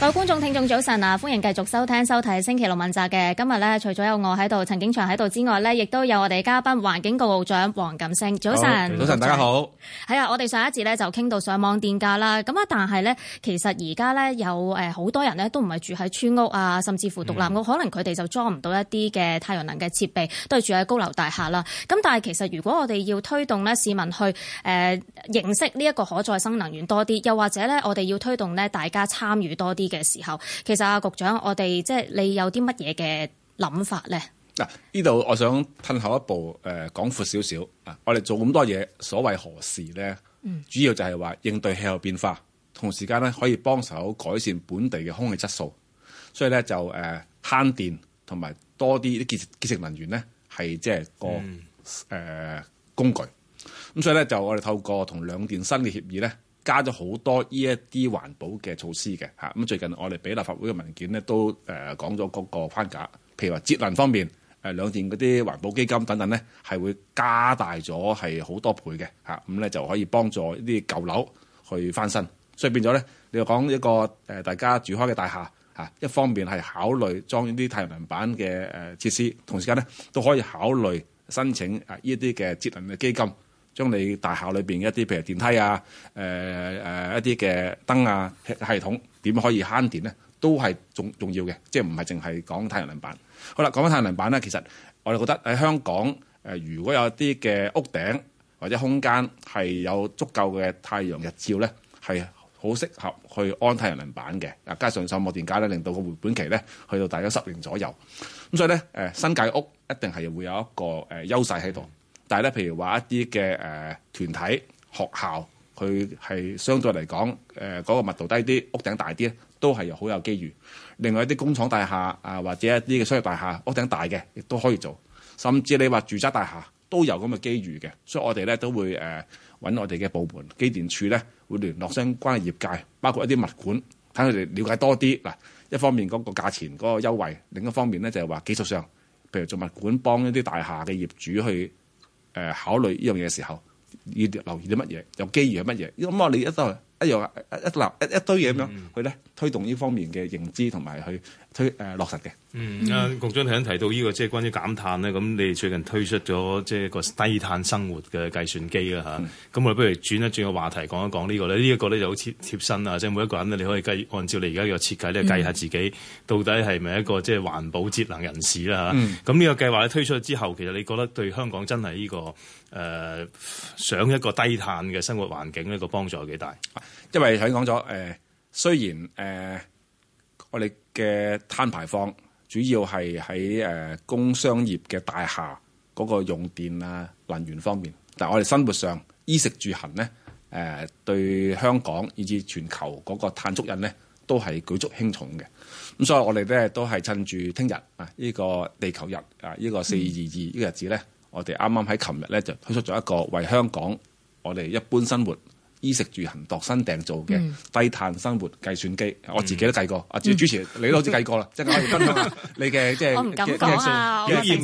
Speaker 5: 各位觀眾、聽眾，早晨啊！歡迎繼續收聽、收睇《星期六問責》嘅今日咧，除咗有我喺度、陳景祥喺度之外咧，亦都有我哋嘉賓環境局局長黃錦星早。早晨，早晨，大家好。係啊，我哋上一節咧就傾到上網電價啦。咁啊，但係咧，其實而家咧有誒好多人咧都唔係住喺村屋啊，甚至乎獨立屋、嗯，可能佢哋就裝唔到一啲嘅太陽能嘅設備，都係住喺高樓大廈啦。咁但係其實如果我哋要推動咧，市民去誒、呃、認識呢一個可再生能源多啲，又或者咧我哋要推動咧大家參與多啲。嘅時候，其實阿局長，我哋即係你有啲乜嘢嘅諗法咧？嗱、
Speaker 6: 啊，呢度我想褪後一步，誒、呃，講闊少少啊！我哋做咁多嘢，所爲何事咧、嗯？主要就係話應對氣候變化，同時間咧可以幫手改善本地嘅空氣質素，所以咧就誒慳、呃、電同埋多啲啲潔淨能源咧係即係個誒、嗯呃、工具。咁所以咧就我哋透過同兩電新嘅協議咧。加咗好多呢一啲環保嘅措施嘅嚇，咁、嗯、最近我哋俾立法會嘅文件咧都誒、呃、講咗嗰個框架，譬如話節能方面，誒、呃、兩電嗰啲環保基金等等咧，係會加大咗係好多倍嘅嚇，咁、啊、咧、嗯、就可以幫助呢啲舊樓去翻新，所以變咗咧，你又講一個誒大家住開嘅大廈嚇、啊，一方面係考慮裝啲太陽能板嘅誒設施，同時間咧都可以考慮申請啊呢啲嘅節能嘅基金。將你大廈裏邊一啲譬如電梯啊、呃呃、一啲嘅燈啊系統點可以慳電咧，都係重重要嘅，即係唔係淨係講太陽能板。好啦，講翻太陽能板咧，其實我哋覺得喺香港、呃、如果有啲嘅屋頂或者空間係有足夠嘅太陽日照咧，係好適合去安太陽能板嘅。加上上網電價咧，令到個回本期咧去到大概十年左右。咁所以咧、呃、新界屋一定係會有一個誒優勢喺度。但係咧，譬如話一啲嘅誒團體學校，佢係相對嚟講誒嗰個密度低啲，屋頂大啲咧，都係有好有機遇。另外一啲工廠大廈啊、呃，或者一啲嘅商業大廈，屋頂大嘅亦都可以做。甚至你話住宅大廈都有咁嘅機遇嘅，所以我哋咧都會誒揾、呃、我哋嘅部門機電處咧會聯絡相關嘅業界，包括一啲物管，睇佢哋了解多啲嗱。一方面嗰個價錢嗰個優惠，另一方面咧就係、是、話技術上，譬如做物管幫一啲大廈嘅業主去。誒考慮呢樣嘢嘅時候，要留意啲乜嘢，有機遇係乜嘢？咁我哋一度一樣一攬一一,一一堆嘢咁樣去咧推動呢方面嘅認知同埋去。推、呃、落
Speaker 3: 實嘅嗯啊，局長頭先提到呢、這個即係關於減碳咧，咁你最近推出咗即係個低碳生活嘅計算機啦嚇。咁、嗯、我哋不如轉一轉個話題，講一講呢、這個咧。呢、這、一個咧就好貼貼身啊，即係每一個人咧你可以計按照你而家嘅設計咧計下自己、嗯、到底係咪一個即係環保節能人士啦嚇。咁、嗯、呢個計劃咧推出之後，其實你覺得對香港真係呢、這個誒、呃、想一個低碳嘅生活環境呢個幫助有幾大？因為頭先講咗誒，雖然誒、呃、我哋。嘅
Speaker 6: 碳排放主要係喺誒工商業嘅大廈嗰個用電啊能源方面，但係我哋生活上衣食住行咧誒、呃、對香港以至全球嗰個碳足印咧都係舉足輕重嘅。咁所以我哋咧都係趁住聽日啊呢個地球日啊呢個四二二呢個日子咧，嗯、我哋啱啱喺琴日咧就推出咗一個為香港我哋一般生活。衣食住行度身訂造嘅低碳生活計算機，嗯、我自己都計過。嗯過嗯、 啊，主主持你都好似計過啦，即係我要開心啊？你嘅即係即係即係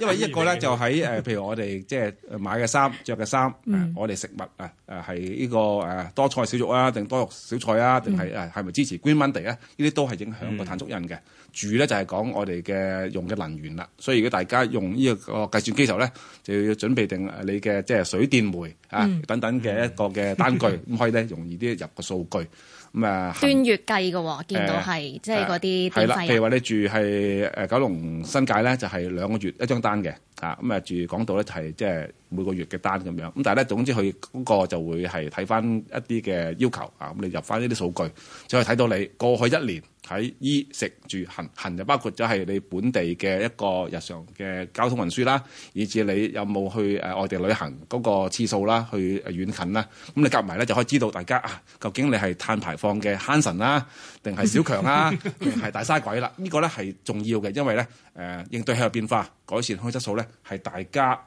Speaker 6: 因為一個咧就喺、是、譬如我哋即係買嘅衫、着嘅衫，我哋食物啊，誒，係呢個多菜少肉啊，定多肉少菜啊，定係誒係咪支持 Green Monday 啊？呢啲都係影響個碳足印嘅。住、嗯、咧就係講我哋嘅用嘅能源啦，所以如果大家用呢個計算機時候咧，就要準備定你嘅即係水電煤。啊，等等嘅一個嘅單據，咁、嗯、可以咧 容易啲入個數據，咁、嗯、啊，端
Speaker 5: 月計嘅、哦，見到係、呃、即係嗰啲。係、呃、啦，譬、啊、如
Speaker 6: 話你住係誒九龍新界咧，就係、是、兩個月一張單嘅，啊，咁啊住港島咧就係即係每個月嘅單咁樣。咁但係咧總之佢嗰個就會係睇翻一啲嘅要求，啊，咁你入翻呢啲數據，就可以睇到你過去一年，喺衣食住行，行就包括咗係你本地嘅一個日常嘅交通運輸啦，以至你有冇去外地旅行嗰個次數啦，去遠近啦，咁你夾埋咧就可以知道大家啊，究竟你係碳排放嘅慳神啦、啊，定係小強啦、啊，定係大嘥鬼啦、啊？呢個咧係重要嘅，因為咧誒、呃、應對氣候變化、改善空氣質素咧係大家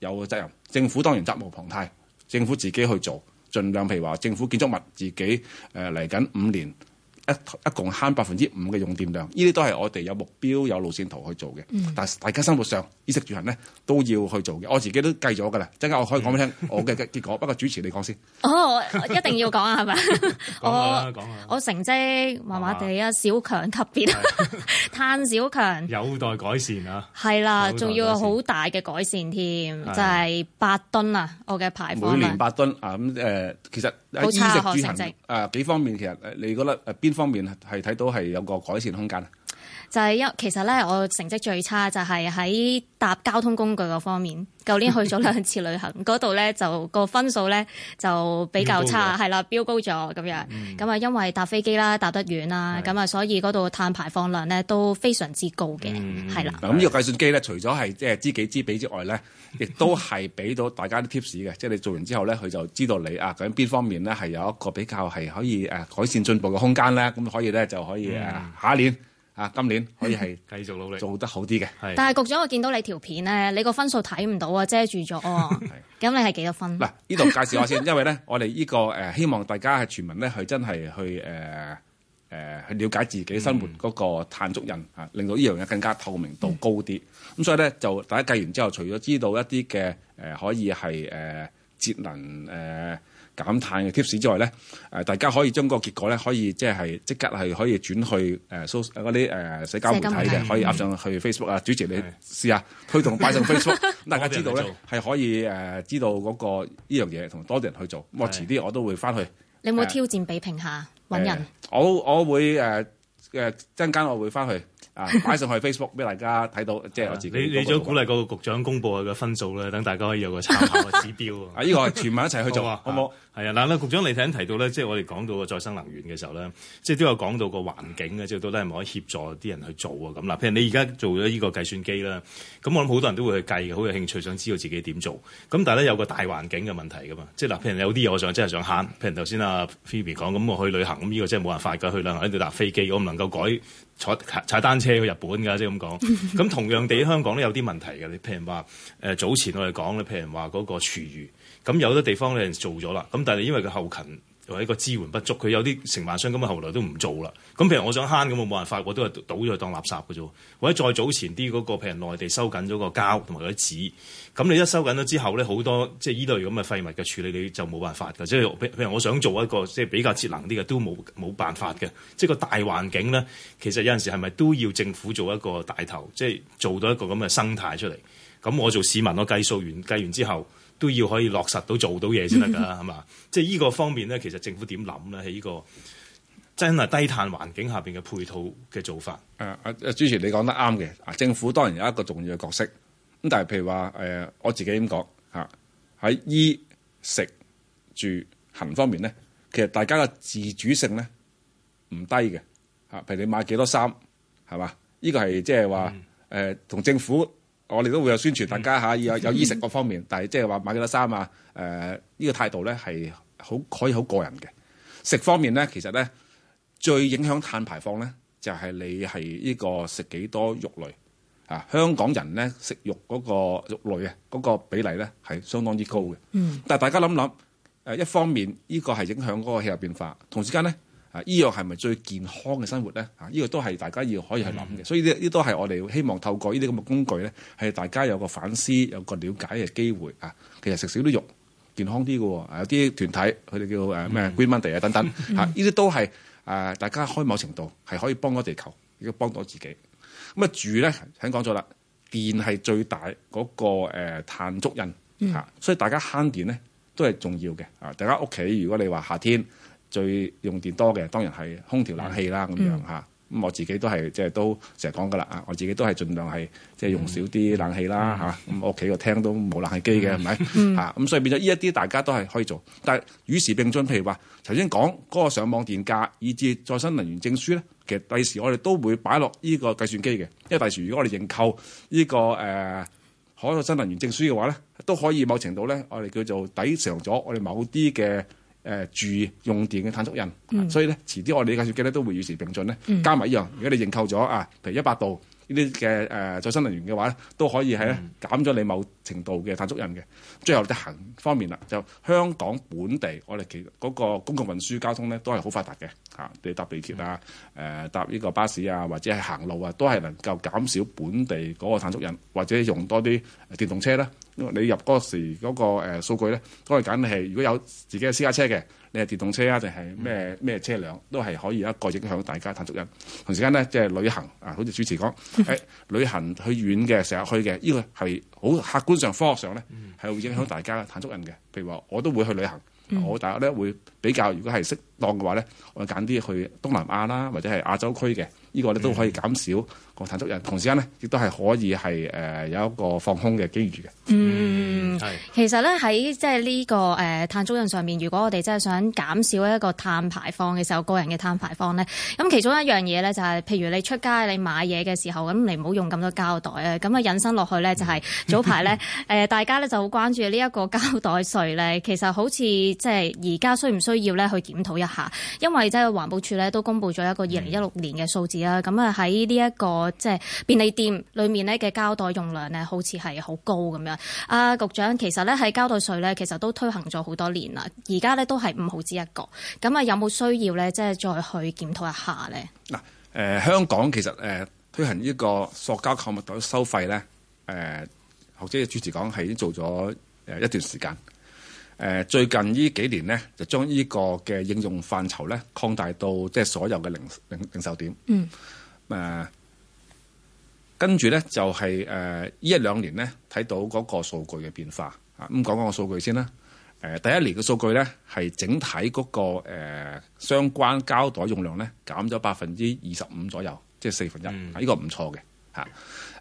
Speaker 6: 有嘅責任，政府當然責無旁貸，政府自己去做，盡量譬如話政府建築物自己誒嚟緊五年，一一共慳百分之五嘅用電量，呢啲都係我哋有目標、有路線圖去做嘅、嗯。但係大家生活上衣食住行咧都要去做嘅。我自己都計咗㗎啦，陣間我可以講俾你聽我嘅結結果。嗯、 不過主持你講先。
Speaker 5: 哦，我一定要講啊，係咪？ 我我成績麻麻地啊，小強級別，碳 小強。
Speaker 3: 有待改善啊。係啦，仲要好
Speaker 5: 大嘅改善添，就係、是、八噸啊！我嘅排放。每年
Speaker 6: 八噸啊，咁、嗯、誒、呃，其實喺衣食住行啊、呃、幾方面，其實你覺得誒方面係睇到係有個改善空間。
Speaker 5: 就係其實咧，我成績最差就係喺搭交通工具嗰方面。舊年去咗兩次旅行，嗰度咧就個分數咧就比較差，係啦，飆高咗咁樣咁啊、嗯，因為搭飛機啦，搭得遠啦，咁啊，所以嗰度碳排放量咧都非常之高嘅，係、嗯、啦。咁
Speaker 6: 呢個計算機咧，除咗係即係知己知彼之外咧，亦都係俾到大家啲 tips 嘅，即 係你做完之後咧，佢就知道你啊，究竟邊方面咧係有一個比較係可以誒改善進步嘅空間咧，咁可以咧就可以誒、啊嗯、下一年。啊！今年可以係 繼續努力做得好啲嘅，係。但係
Speaker 5: 局長，我見到你條片咧，你個分數睇唔到啊，遮住咗喎。係咁，你係幾多分？嗱，
Speaker 6: 呢度介紹下先， 因為咧，我哋呢、呢個誒、呃，希望大家係全民咧，去真係去誒誒、呃呃、去了解自己生活嗰個碳足印，啊、嗯，令到呢樣嘢更加透明度高啲。咁、嗯、所以咧，就大家計完之後，除咗知道一啲嘅誒，可以係誒節能誒。呃減碳嘅 tips 之外咧，誒、呃、大家可以將嗰個結果咧，可以即係即刻係可以轉去誒嗰啲誒社交媒體嘅，可以 upload 去 Facebook 啊。主席你試下推同擺上 Facebook， 大家知道咧係可以誒、呃、知道嗰、那個呢樣嘢，同、這個、多啲人去做。咁我遲啲我都會翻去、呃。
Speaker 5: 你有冇挑戰比拼下揾、呃、人？
Speaker 6: 呃、我我會誒誒，陣、呃、間我會
Speaker 3: 翻去。啊，擺上去 Facebook 俾大家睇到，即係我自己、啊。你你想鼓勵個局長公佈佢個分數咧，等大家可以有個參考嘅指標。啊，依個全民一齊去做 好啊，好係啊，嗱，局長你頭先提到咧，即係我哋講到個再生能源嘅時候咧，即係都有講到個環境咧，即係到底係唔可以協助啲人去做啊咁。嗱，譬如你而家做咗呢個計算機啦，咁我諗好多人都會去計，好有興趣想知道自己點做。咁但係咧有個大環境嘅問題噶嘛，即係嗱，譬如有啲嘢我真想真係想慳，譬如頭先阿 Phoebe 講咁，我去旅行咁，呢個真係冇辦法嘅，去旅行，定要搭飛機，我唔能夠改。坐踩單車去日本㗎，即係咁講。咁同樣地，香港都有啲問題㗎。你譬如話，誒、呃、早前我哋講咧，譬如話嗰個廚餘，咁有啲地方咧做咗啦。咁但係因為佢後勤。又係一個支援不足，佢有啲承辦商咁啊，後來都唔做啦。咁譬如我想慳，咁我冇辦法，我都係倒咗當垃圾㗎。啫。或者再早前啲嗰個譬如內地收緊咗個膠同埋嗰啲紙，咁你一收緊咗之後咧，好多即係依類咁嘅廢物嘅處理你就冇辦法㗎。即係譬譬如我想做一個即係比較節能啲嘅，都冇冇辦法嘅。即係個大環境咧，其實有陣時係咪都要政府做一個大頭，即係做到一個咁嘅生態出嚟。咁我做市民，我計數完計完之後。都要可以落實到做到嘢先得噶，係嘛？ 即係呢個方面咧，其實政府點諗咧？喺呢個真係低碳環境下邊嘅配套嘅做法。
Speaker 6: 誒、啊，主持你講得啱嘅，政府當然有一個重要嘅角色。咁但係譬如話、呃、我自己咁講嚇？喺衣食住行方面咧，其實大家嘅自主性咧唔低嘅。譬如你買幾多衫係嘛？呢、呢個係即係話誒，同、嗯呃、政府。我哋都會有宣傳，大家嚇要有衣食各方面，但係即係話買幾多衫啊？誒、呃、呢、這個態度咧係好可以好個人嘅。食方面咧，其實咧最影響碳排放咧，就係、是、你係呢個食幾多肉類啊。香港人咧食肉嗰、那個肉類啊嗰個比例咧係相當之高嘅。嗯，但係大家諗諗誒，一方面呢、這個係影響嗰個氣候變化，同時間咧。啊，呢樣係咪最健康嘅生活咧？啊，依、這個都係大家要可以去諗嘅、嗯，所以呢啲都係我哋希望透過呢啲咁嘅工具咧，係大家有個反思、有個了解嘅機會啊。其實食少啲肉，健康啲嘅喎。有啲團體佢哋叫誒咩、啊、Green Monday 啊等等嚇，呢、啊、啲都係誒、啊、大家開某程度係可以幫到地球，亦都幫到自己。咁啊住咧，想講咗啦，電係最大嗰、嗰個碳足、呃、印嚇、啊，所以大家慳電咧都係重要嘅啊。大家屋企如果你話夏天。最用電多嘅，當然係空調冷氣啦，咁、嗯、樣嚇。咁我自己都係即係都成日講噶啦啊！我自己都係盡量係即係用少啲冷氣啦嚇。咁屋企個廳都冇冷氣機嘅，係咪嚇？咁、嗯啊、所以變咗呢一啲大家都係可以做。但係與時並進，譬如話頭先講嗰個上網電價，以至再生能源證書咧，其實第時我哋都會擺落呢個計算機嘅。因為第時如果我哋認購呢、這個誒可再生能源證書嘅話咧，都可以某程度咧，我哋叫做抵償咗我哋某啲嘅。注、呃、住用電嘅碳足印，嗯、所以咧遲啲我哋嘅計算機咧都會與時並進咧、嗯，加埋一樣。如果你認購咗啊，譬如一百度呢啲嘅誒再生能源嘅話咧，都可以喺咧減咗你某程度嘅碳足印嘅。最後得行方面啦，就香港本地我哋其實嗰、那個公共運輸交通咧都係好發達嘅、啊、你搭地鐵啊，搭、呃、呢個巴士啊，或者係行路啊，都係能夠減少本地嗰個碳足印，或者用多啲電動車啦。因為你入嗰時嗰個誒數據咧，都係梗係如果有自己嘅私家車嘅，你係電動車啊定係咩咩車輛，都係可以一個影響大家碳足印。同時間咧即係旅行啊，好似主持講、哎，旅行去遠嘅成日去嘅，呢個係好客觀上科學上咧，係會影響大家碳足印嘅。譬如話我都會去旅行，我大家咧會比較，如果係識。當嘅話咧，我哋揀啲去東南亞啦，或者係亞洲區嘅，呢、這個咧都可以減少個碳足印，嗯。同時間咧，亦都係可以係誒、呃、有一個放空嘅機遇嘅。嗯，
Speaker 5: 係其實咧喺即係呢個誒碳足印上面，如果我哋真係想減少一個碳排放嘅時候，個人嘅碳排放咧，咁其中一樣嘢咧就係、是、譬如你出街你買嘢嘅時候，咁你唔好用咁多膠袋啊。咁啊引申落去咧就係、是嗯、 早排咧誒大家咧就好關注呢一個膠袋稅咧，其實好似即係而家需唔需要咧去檢討嚇，因為即係環保署咧都公布咗一個二零一六年嘅數字啦，咁啊喺呢一個即係便利店裡面咧嘅膠袋用量咧，好似係好高咁樣。啊，局長，其實咧喺膠袋稅呢，其實都推行咗好多年啦，而家呢，都係五毫子一個，咁啊有冇需要呢？即係再去檢討一下呢？嗱、
Speaker 6: 呃，誒香港其實誒、呃、推行呢個塑膠購物袋收費呢，誒、呃、學者主持講係已經做咗誒一段時間。誒最近呢幾年呢，就將呢個嘅應用範疇呢擴大到即係所有嘅零零零售點。嗯。誒、啊，跟住呢，就係誒呢一兩年呢睇到嗰個數據嘅變化啊。咁講講個數據先啦。誒、呃、第一年嘅數據呢，係整體嗰、嗰個、呃、相關膠袋用量呢減咗百分之二十五左右，即係四分一、嗯。呢、啊呢個唔錯嘅嚇。誒、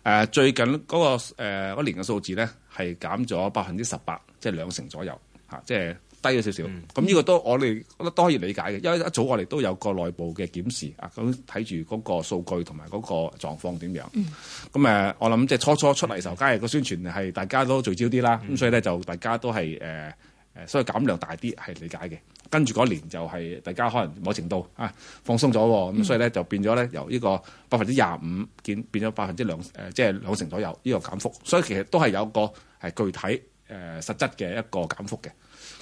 Speaker 6: 啊、最近嗰、嗰個、呃、嗰年嘅數字呢，係減咗百分之十八，即係兩成左右。即係低咗少少，咁、嗯、呢個都我哋覺得都可以理解嘅，因為一早我哋都有個內部嘅檢視啊，咁睇住嗰個數據同埋嗰個狀況點樣。咁、嗯、誒，我諗即係初初出嚟時候，梗係個宣傳係大家都聚焦啲啦，咁、嗯、所以咧就大家都係誒誒，所以減量大啲係理解嘅。跟住嗰年就係大家可能某程度啊放鬆咗，咁所以咧就變咗咧由呢個百分之廿五見變咗百分之兩誒，即係兩成左右呢、這個減幅，所以其實都係有個係具體。誒、呃、實質嘅一個減幅嘅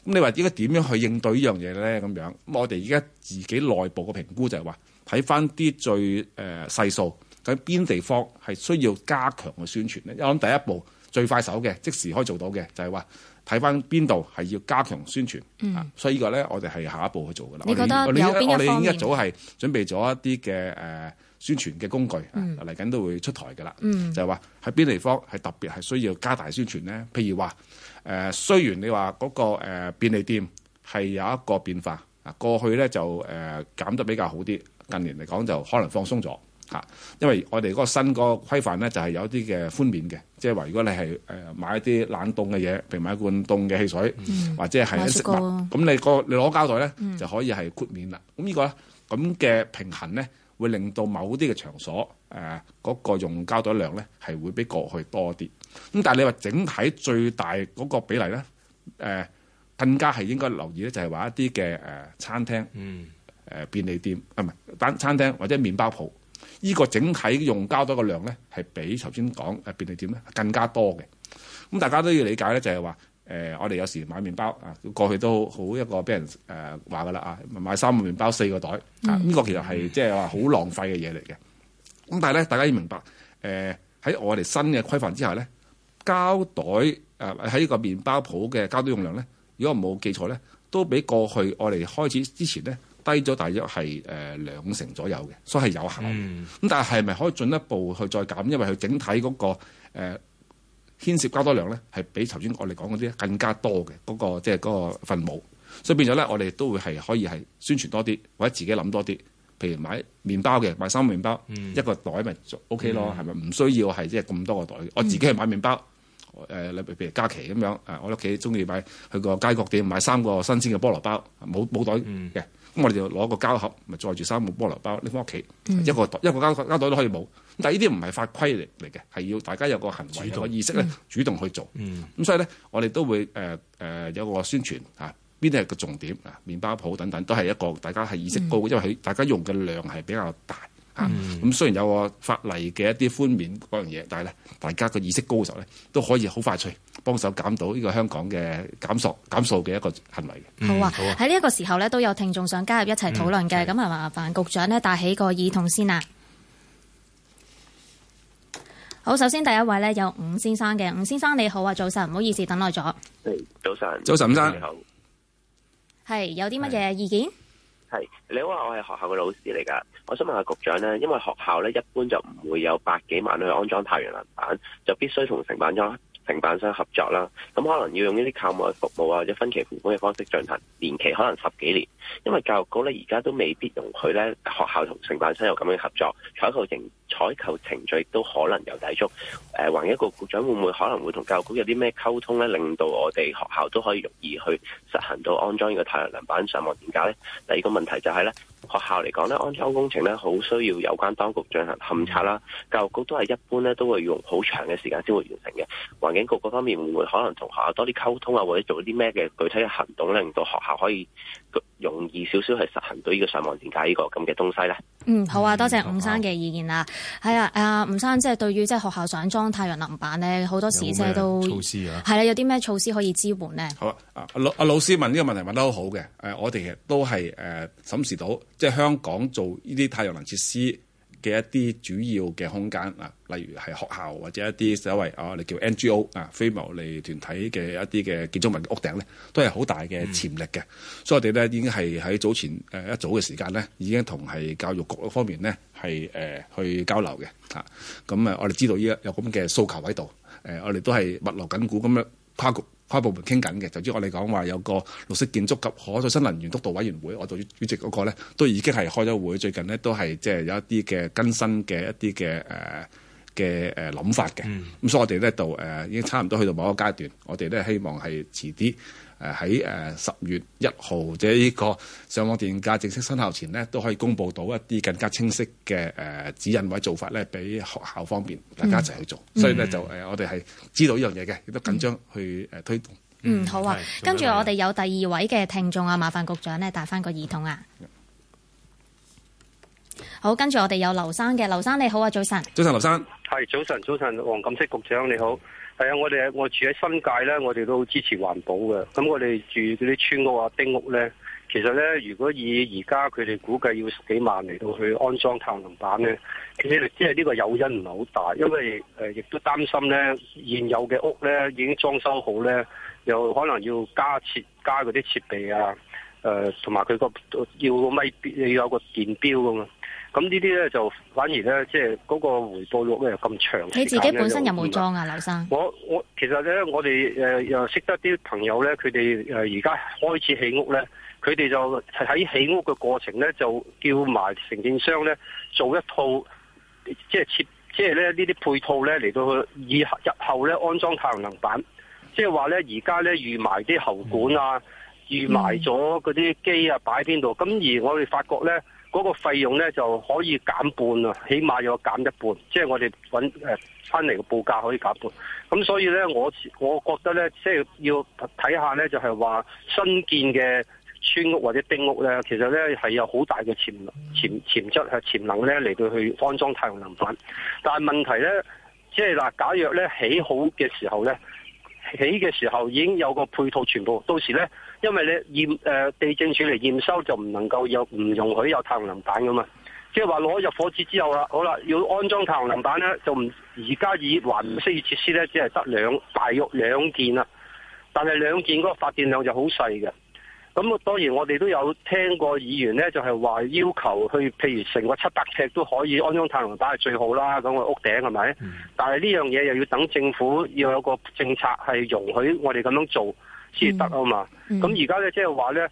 Speaker 6: 咁，你話應該點樣去應對呢樣嘢咧？咁樣咁，我哋而家自己內部嘅評估就係話睇翻啲最、呃、細數，喺邊地方係需要加強嘅宣傳咧。因為我諗第一步最快手嘅，即時可以做到嘅，就係話睇翻邊度係要加強宣傳啊、嗯。所以個呢個咧，我哋係下一步去做噶啦。我覺得我哋一方面我哋一早係準備咗一啲嘅宣傳嘅工具嚟緊、嗯、都會出台噶啦、嗯，就係話喺邊地方係特別係需要加大宣傳咧？譬如話。誒雖然你話嗰個誒便利店係有一個變化啊，過去咧就誒減得比較好啲，近年嚟講就可能放鬆咗吓，因為我哋嗰個新個規範咧就係有一啲嘅寬免嘅，即係話如果你係誒買一啲冷凍嘅嘢，譬如買一罐凍嘅汽水，嗯、或者係食物，咁你個你攞膠袋咧就可以係豁免啦。咁、嗯、呢個咧咁嘅平衡咧，會令到某啲嘅場所。誒、呃、嗰、那個用膠袋量咧係會比過去多啲，咁但係你話整體最大嗰個比例咧，誒、呃、更加係應該留意咧，就係、是、話一啲嘅誒餐廳、誒、嗯呃、便利店啊唔係單餐廳或者麵包鋪，依、這個整體用膠袋嘅量咧係比頭先講誒便利店咧更加多嘅。咁大家都要理解咧，就係話誒我哋有時買麵包啊，過去都好，好一個俾人誒話㗎啦啊，買三個麵包四個袋、嗯、啊，呢、這個其實係即係話好浪費嘅嘢嚟嘅。咁但係咧，大家要明白，誒、呃、喺我哋新嘅規範之下咧，膠袋誒喺、呃、個麵包鋪嘅膠袋用量咧，如果冇記錯咧，都比過去我哋開始之前咧低咗大約係誒、呃、兩成左右嘅，所以係有限。咁、嗯、但係係咪可以進一步去再減？因為佢整體嗰、那個誒、呃、牽涉膠袋量咧，係比頭先我哋講嗰啲更加多嘅嗰、那個即係嗰個分母。所以變咗咧，我哋都會係可以係宣傳多啲，或者自己諗多啲。譬如買麵包嘅，買三個麵包，嗯、一個袋咪 O K 咯，係、嗯、咪？唔需要係即係咁多個袋。我自己係買麵包，誒、嗯呃，例如譬如假期咁樣，誒，我屋企中意買去個街角店買三個新鮮嘅菠蘿包，冇冇袋嘅，咁、嗯、我哋就攞個膠盒咪載住三個菠蘿包拎翻屋企，一個袋一個膠膠袋，袋，袋都可以冇。但係呢啲唔係法規嚟嚟嘅，係要大家有個行為有個意識咧、嗯，主動去做。咁、嗯、所以咧，我哋都會誒誒、呃呃、有個宣傳吓。啊邊啲係個重點啊？麵包鋪等等都係一個大家係意識高，嗯、因為佢大家用嘅量係比較大嚇。咁、嗯、雖然有個法例嘅一啲寬免嗰樣嘢，但係咧大家個意識高嘅時候咧都可以好快脆幫手減到呢個香港嘅減索減數嘅一個行為。嗯、好啊，
Speaker 5: 喺呢一個時候咧都有聽眾想加入一齊討論嘅，咁、嗯、啊，麻煩局長咧帶起個耳筒先啊。好，首先第一位呢，有伍先生嘅。伍先生你好啊，早晨，唔好意思等耐咗。
Speaker 6: 早晨，早晨，伍生。
Speaker 5: 係有啲乜嘢意見？
Speaker 4: 係，你好，我係學校嘅老師嚟噶，我想問下局長咧，因為學校咧一般就唔會有百幾萬去安裝太陽能板，就必須同承辦商、承辦商合作啦。咁可能要用呢啲購物服務啊，或者分期付款嘅方式進行，年期可能十幾年。因為教育局咧而家都未必容許咧學校同承辦商有咁嘅合作採購型。採購程序都可能有抵觸。誒、呃，環境局局長會唔會可能會同教育局有啲咩溝通咧，令到我哋學校都可以容易去實行到安裝呢個太陽能板上網電價咧？第二個問題就係、是、咧，學校嚟講咧，安裝工程咧，好需要有關當局進行勘查啦。教育局都係一般咧，都會用好長嘅時間先會完成嘅。環境局各方面會唔會可能同學校多啲溝通啊，或者做啲咩嘅具體嘅行動，令到學校可以容易少少係實行到呢個上網電價呢個咁嘅東西咧。
Speaker 5: 嗯，好啊，多謝吳生嘅意見、嗯嗯、啊，係啊，阿吳生即係對於即係學校想裝太陽能板呢，好多時咧都係啦，有啲咩措、啊啊、措施可以支援呢？好
Speaker 6: 啊，阿老阿老師問呢個問題問得好好嘅。誒、啊，我哋其實都係誒、啊、審視到，即、就、係、是、香港做呢啲太陽能設施。嘅一啲主要嘅空間啊，例如係學校或者一啲所謂啊，我哋叫 NGO 啊，非牟利團體嘅一啲嘅建築物屋頂咧，都係好大嘅潛力嘅。嗯、所以我哋咧已經係喺早前誒一早嘅時間咧，已經同係教育局方面咧係誒去交流嘅嚇。咁啊，我哋知道依家有咁嘅訴求喺度，誒我哋都係物流緊固咁樣跨局。開部門傾緊嘅，就知我哋講話有個綠色建築及可再生能源督導委員會，我做主席嗰個咧，都已經係開咗會，最近咧都係即係有一啲嘅更新嘅一啲嘅誒。呃嘅誒諗法嘅，咁、嗯嗯、所以我哋咧就誒已經差唔多去到某一個階段，我哋咧希望係遲啲誒喺誒十月一號即係呢個上網電價正式生效前呢，都可以公布到一啲更加清晰嘅誒、呃、指引或做法咧，俾學校方面大家一齊去做。嗯、所以咧就誒、呃、我哋係知道依樣嘢嘅，亦都緊張去誒、呃嗯、推動。嗯，好啊。跟住
Speaker 5: 我哋有第二位嘅聽眾啊，麻煩局長呢，帶翻個耳筒啊。嗯好，跟住我哋有劉生嘅，劉生你好啊，早晨，
Speaker 6: 早晨，劉生
Speaker 4: 係早晨，早晨，黃錦星局長你好，係啊，我哋我住喺新界咧，我哋都支持環保嘅，咁我哋住嗰啲村屋啊、丁屋咧，其實咧，如果以而家佢哋估計要十幾萬嚟到去安裝太陽能板咧，其實即係呢個誘因唔係好大，因為誒亦、呃、都擔心咧現有嘅屋咧已經裝修好咧，又可能要加設加嗰啲設備啊，誒、呃，同埋佢個要個咪表要有個電表，咁嘛咁呢啲咧就反而咧，即係嗰個回報率咧又咁長。你自
Speaker 5: 己
Speaker 4: 本身有冇裝啊，劉生？我我其實咧，我哋誒又識得啲朋友咧，佢哋誒而家開始起屋咧，佢哋就喺起屋嘅過程咧，就叫埋承建商咧做一套即係設，即係咧呢啲配套咧嚟到以日後咧安裝太陽能板，即係話咧而家咧預埋啲喉管啊，預埋咗嗰啲機啊擺邊度。咁、嗯、而我哋發覺咧。嗰個費用咧就可以減半啊，起碼要減一半。即係我哋搵誒返翻嚟個報價可以減半。咁所以咧，我我覺得咧，即係要睇下咧，就係話新建嘅村屋或者丁屋咧，其實咧係有好大嘅潛潛潛質係，潛能咧嚟到去安裝太陽能板。但係問題咧，即係嗱，假若咧起好嘅時候咧，起嘅時候已經有個配套全部，到時咧。因為你驗誒、呃、地政處嚟驗收就唔能夠有唔容許有太陽能板噶嘛，即係話攞入伙紙之後啦，好啦，要安裝太陽能板咧，就唔而家以環唔需要設施咧，只係得兩大約兩件啦。但係兩件嗰個發電量就好細嘅。咁啊，當然我哋都有聽過議員咧，就係、是、話要求去譬如成個七百尺都可以安裝太陽能板係最好啦。咁個屋頂係咪？但係呢樣嘢又要等政府要有一個政策係容許我哋咁樣做。先得啊嘛，咁而家咧即係話咧，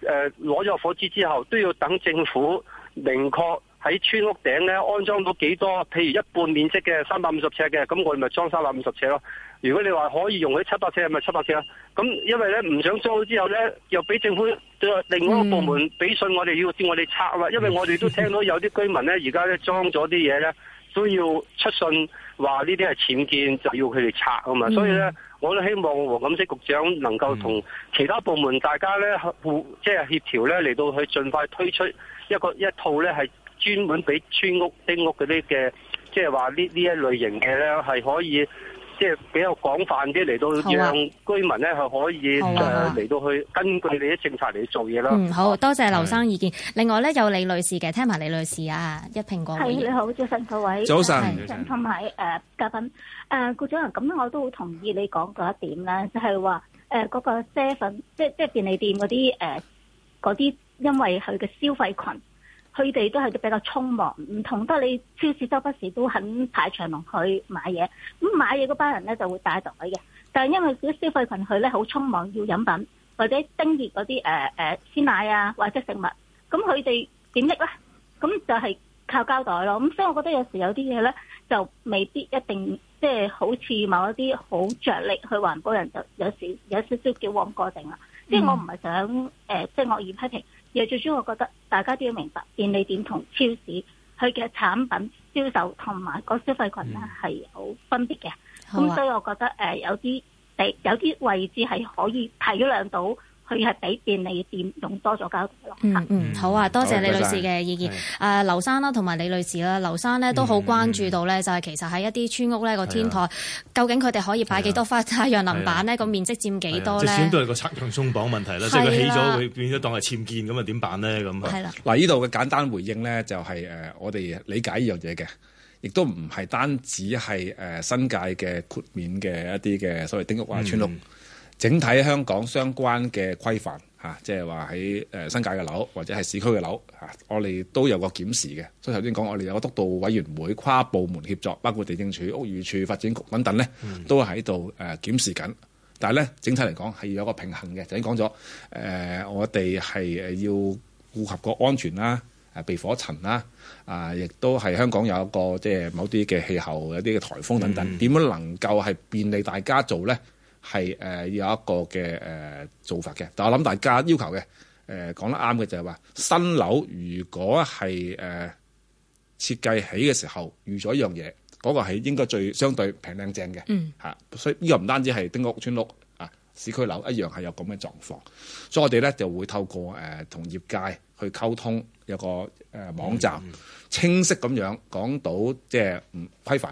Speaker 4: 誒攞咗火紙之後，都要等政府明確喺村屋頂咧安裝到幾多，譬如一半面積嘅三百五十尺嘅，咁我哋咪裝三百五十尺咯。如果你話可以用嗰啲七百尺，咪七百尺咯。咁因為咧唔想裝咗之後咧，又俾政府對另外一個部門俾信我哋、嗯、要叫我哋拆啦，因為我哋都聽到有啲居民咧而家咧裝咗啲嘢咧，都要出信話呢啲係僭建，就要佢哋拆啊嘛、嗯，所以咧。我都希望黃錦星局長能夠同其他部門大家咧互即係協調咧，嚟到去盡快推出一個一套咧係專門俾村屋、丁屋嗰啲嘅，即係話呢呢一類型嘅咧係可以。即係比較廣泛啲嚟到，讓居民咧係、啊、可以誒嚟、啊啊、到去根據你啲政策嚟做嘢啦。嗯，好多謝
Speaker 5: 劉生意見。另外咧，有李女士嘅，聽埋李女士啊，一平哥，係你
Speaker 7: 好，早晨各位。早晨。同埋誒，嘉賓誒，顧總啊，咁我都好同意你講嗰一點啦，就係話誒嗰個啡粉，即係即係便利店嗰啲誒嗰啲，呃、因為佢嘅消費群，佢哋都係比較匆忙，唔同得你超市周不時都肯排長龍去買嘢。咁買嘢嗰班人呢就會帶袋嘅，但係因為啲消費群佢呢好匆忙要飲品或者叮熱嗰啲誒誒鮮奶啊或者食物，咁佢哋點拎呢？咁就係靠膠袋咯。咁所以我覺得有時有啲嘢呢，就未必一定即係、就是、好似某一啲好著力去環保人就有時有少少矯枉過正啦。即係我唔係想即係惡意批評。又最終，我覺得大家都要明白便利店同超市佢嘅產品銷售同埋個消費群咧係有分別嘅。咁所以，我覺得誒有啲地有啲位置係可以體諒到。佢係
Speaker 5: 俾便利店用多咗架台咯。好啊，多謝李女士嘅意見。誒、呃，劉生啦，同埋李女士啦，劉生呢都好關注到呢，是就係、是、其實喺一啲村屋呢個天台，究竟佢哋可以擺幾多塊太陽能板呢？個面積佔幾多呢？即都
Speaker 3: 係個拆牆鬆綁問題啦。所以佢起咗佢變咗當係僭建，咁啊點辦呢？咁係啦。嗱，呢度嘅簡單回應呢，就係、是、誒、呃，我哋理解依樣嘢嘅，亦
Speaker 6: 都唔係單止係誒、呃、新界嘅豁免嘅一啲嘅所謂丁屋或、啊、村屋。嗯整體香港相關嘅規範嚇，即係話喺誒新界嘅樓或者係市區嘅樓嚇，我哋都有個檢視嘅。所以頭先講，我哋有個督導委員會，跨部門協作，包括地政署、屋宇署、發展局等等咧，都喺度誒檢視緊。但係咧整體嚟講係要有個平衡嘅。頭先講咗誒，我哋係誒要顧及個安全啦、誒避火層啦，啊，啊亦都係香港有一個即係某啲嘅氣候、有啲嘅颱風等等，點、嗯、樣能夠係便利大家做咧？係誒有一個嘅做法嘅，但我諗大家要求嘅誒、呃、講得啱嘅就係、是、話新樓如果係誒、呃、設計起嘅時候預咗一樣嘢，嗰、那個係應該最相對平靚正嘅、嗯啊、所以呢個唔單止係丁屋村屋啊，市區樓一樣係有咁嘅狀況，所以我哋咧就會透過誒、呃、同業界去溝通。有個誒網站、嗯嗯、清晰咁樣講到即係、就是、唔規範，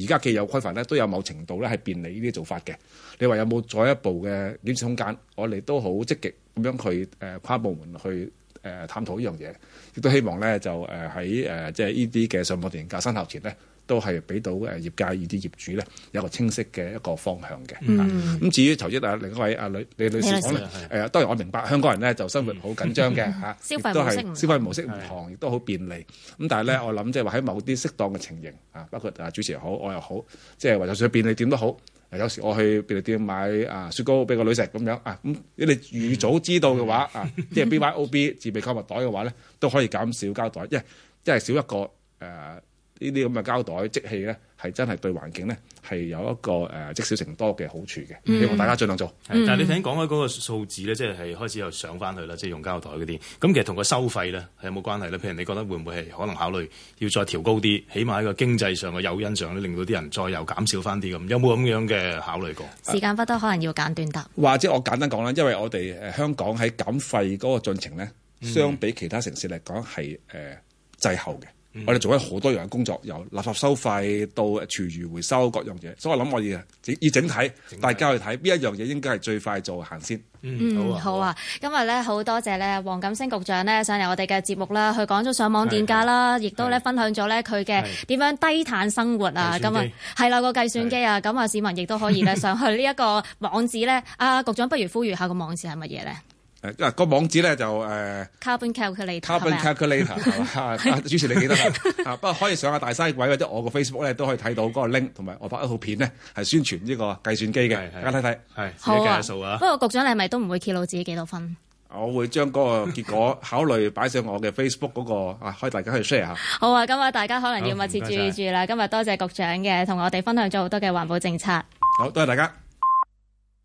Speaker 6: 而家既有規範咧，都有某程度咧係便利呢啲做法嘅。你話有冇再一步嘅檢視空間？我哋都好積極咁樣去跨、呃、部門去、呃、探討呢樣嘢，亦都希望咧就喺即係呢啲嘅上網電價生效前咧。都係俾到誒業界與啲業主咧，有個清晰嘅一個方向嘅。咁、嗯、至於頭先啊，另外一位啊李李女士講誒、呃，當然我明白香港人咧就生活好緊張嘅嚇，亦、嗯、都 消費模式唔同，亦都好便利。咁但係咧、嗯，我諗即係話喺某啲適當嘅情形啊，包括啊主持又好，我又好，即係或者上便利店都好。有時候我去便利店買啊雪糕俾個女食咁樣啊。咁、嗯、你哋預早知道嘅話、嗯嗯、啊， 即係 BYOB 自備購物袋嘅話咧，都可以減少膠袋，因為因為少一個誒。呃呢啲咁嘅膠袋、積氣咧，係真係對環境呢，係有一個誒、呃、積少成多嘅好處嘅，mm. 希望大家儘量做。
Speaker 3: 但係你頭先講開嗰個數字咧，即係係開始又上翻去啦，即係用膠袋嗰啲。咁其實同個收費咧係有冇關係咧？譬如你覺得會唔會係可能考慮要再調高啲，起碼喺個經濟上嘅誘因上，咧，令到啲人再有減少翻啲咁，有冇咁樣嘅考慮過？時
Speaker 5: 間不多，可能要簡短答、
Speaker 3: 呃。或者我簡單講啦，因為我哋香港喺減廢嗰個進程呢，相
Speaker 6: 比其他城市嚟講係誒滯後嘅。嗯、我哋做咗好多樣嘅工作，由垃圾收費到廚餘回收各樣嘢，所以我諗我要整要整體，整體大家去睇邊一樣嘢應該係最快做行先。嗯，好啊。好
Speaker 5: 啊好啊，今日咧好多謝咧黃錦星局長咧上嚟我哋嘅節目啦，佢講咗上網電價啦，亦都咧分享咗咧佢嘅點樣低碳生活啊。咁啊，係啦個計算機啊，咁啊市民亦都可以咧上去呢一個網址咧。啊，局長不如呼籲下個網址係乜嘢咧？
Speaker 6: 誒，個網址咧就誒、呃、
Speaker 5: carbon calculator，碳排放計算器，係、啊、
Speaker 6: 嘛、 啊？主持你記得吓， 不過可以上下大西鬼或者我個 Facebook 咧都可以睇到嗰個 link，同埋我拍一套片呢，係宣傳呢個計算機嘅，大家睇睇，係，自己計下數啊！不
Speaker 5: 過局長你係咪都唔會揭露自己幾多分？
Speaker 6: 我會將嗰個結果考慮擺上我嘅 Facebook 嗰、那個， 啊，可以大家去 share 下。
Speaker 5: 好啊，今日大家可能要密切注意住啦。今日多謝局長嘅，同我哋分享咗好多嘅環保政策。好，
Speaker 6: 多謝大家。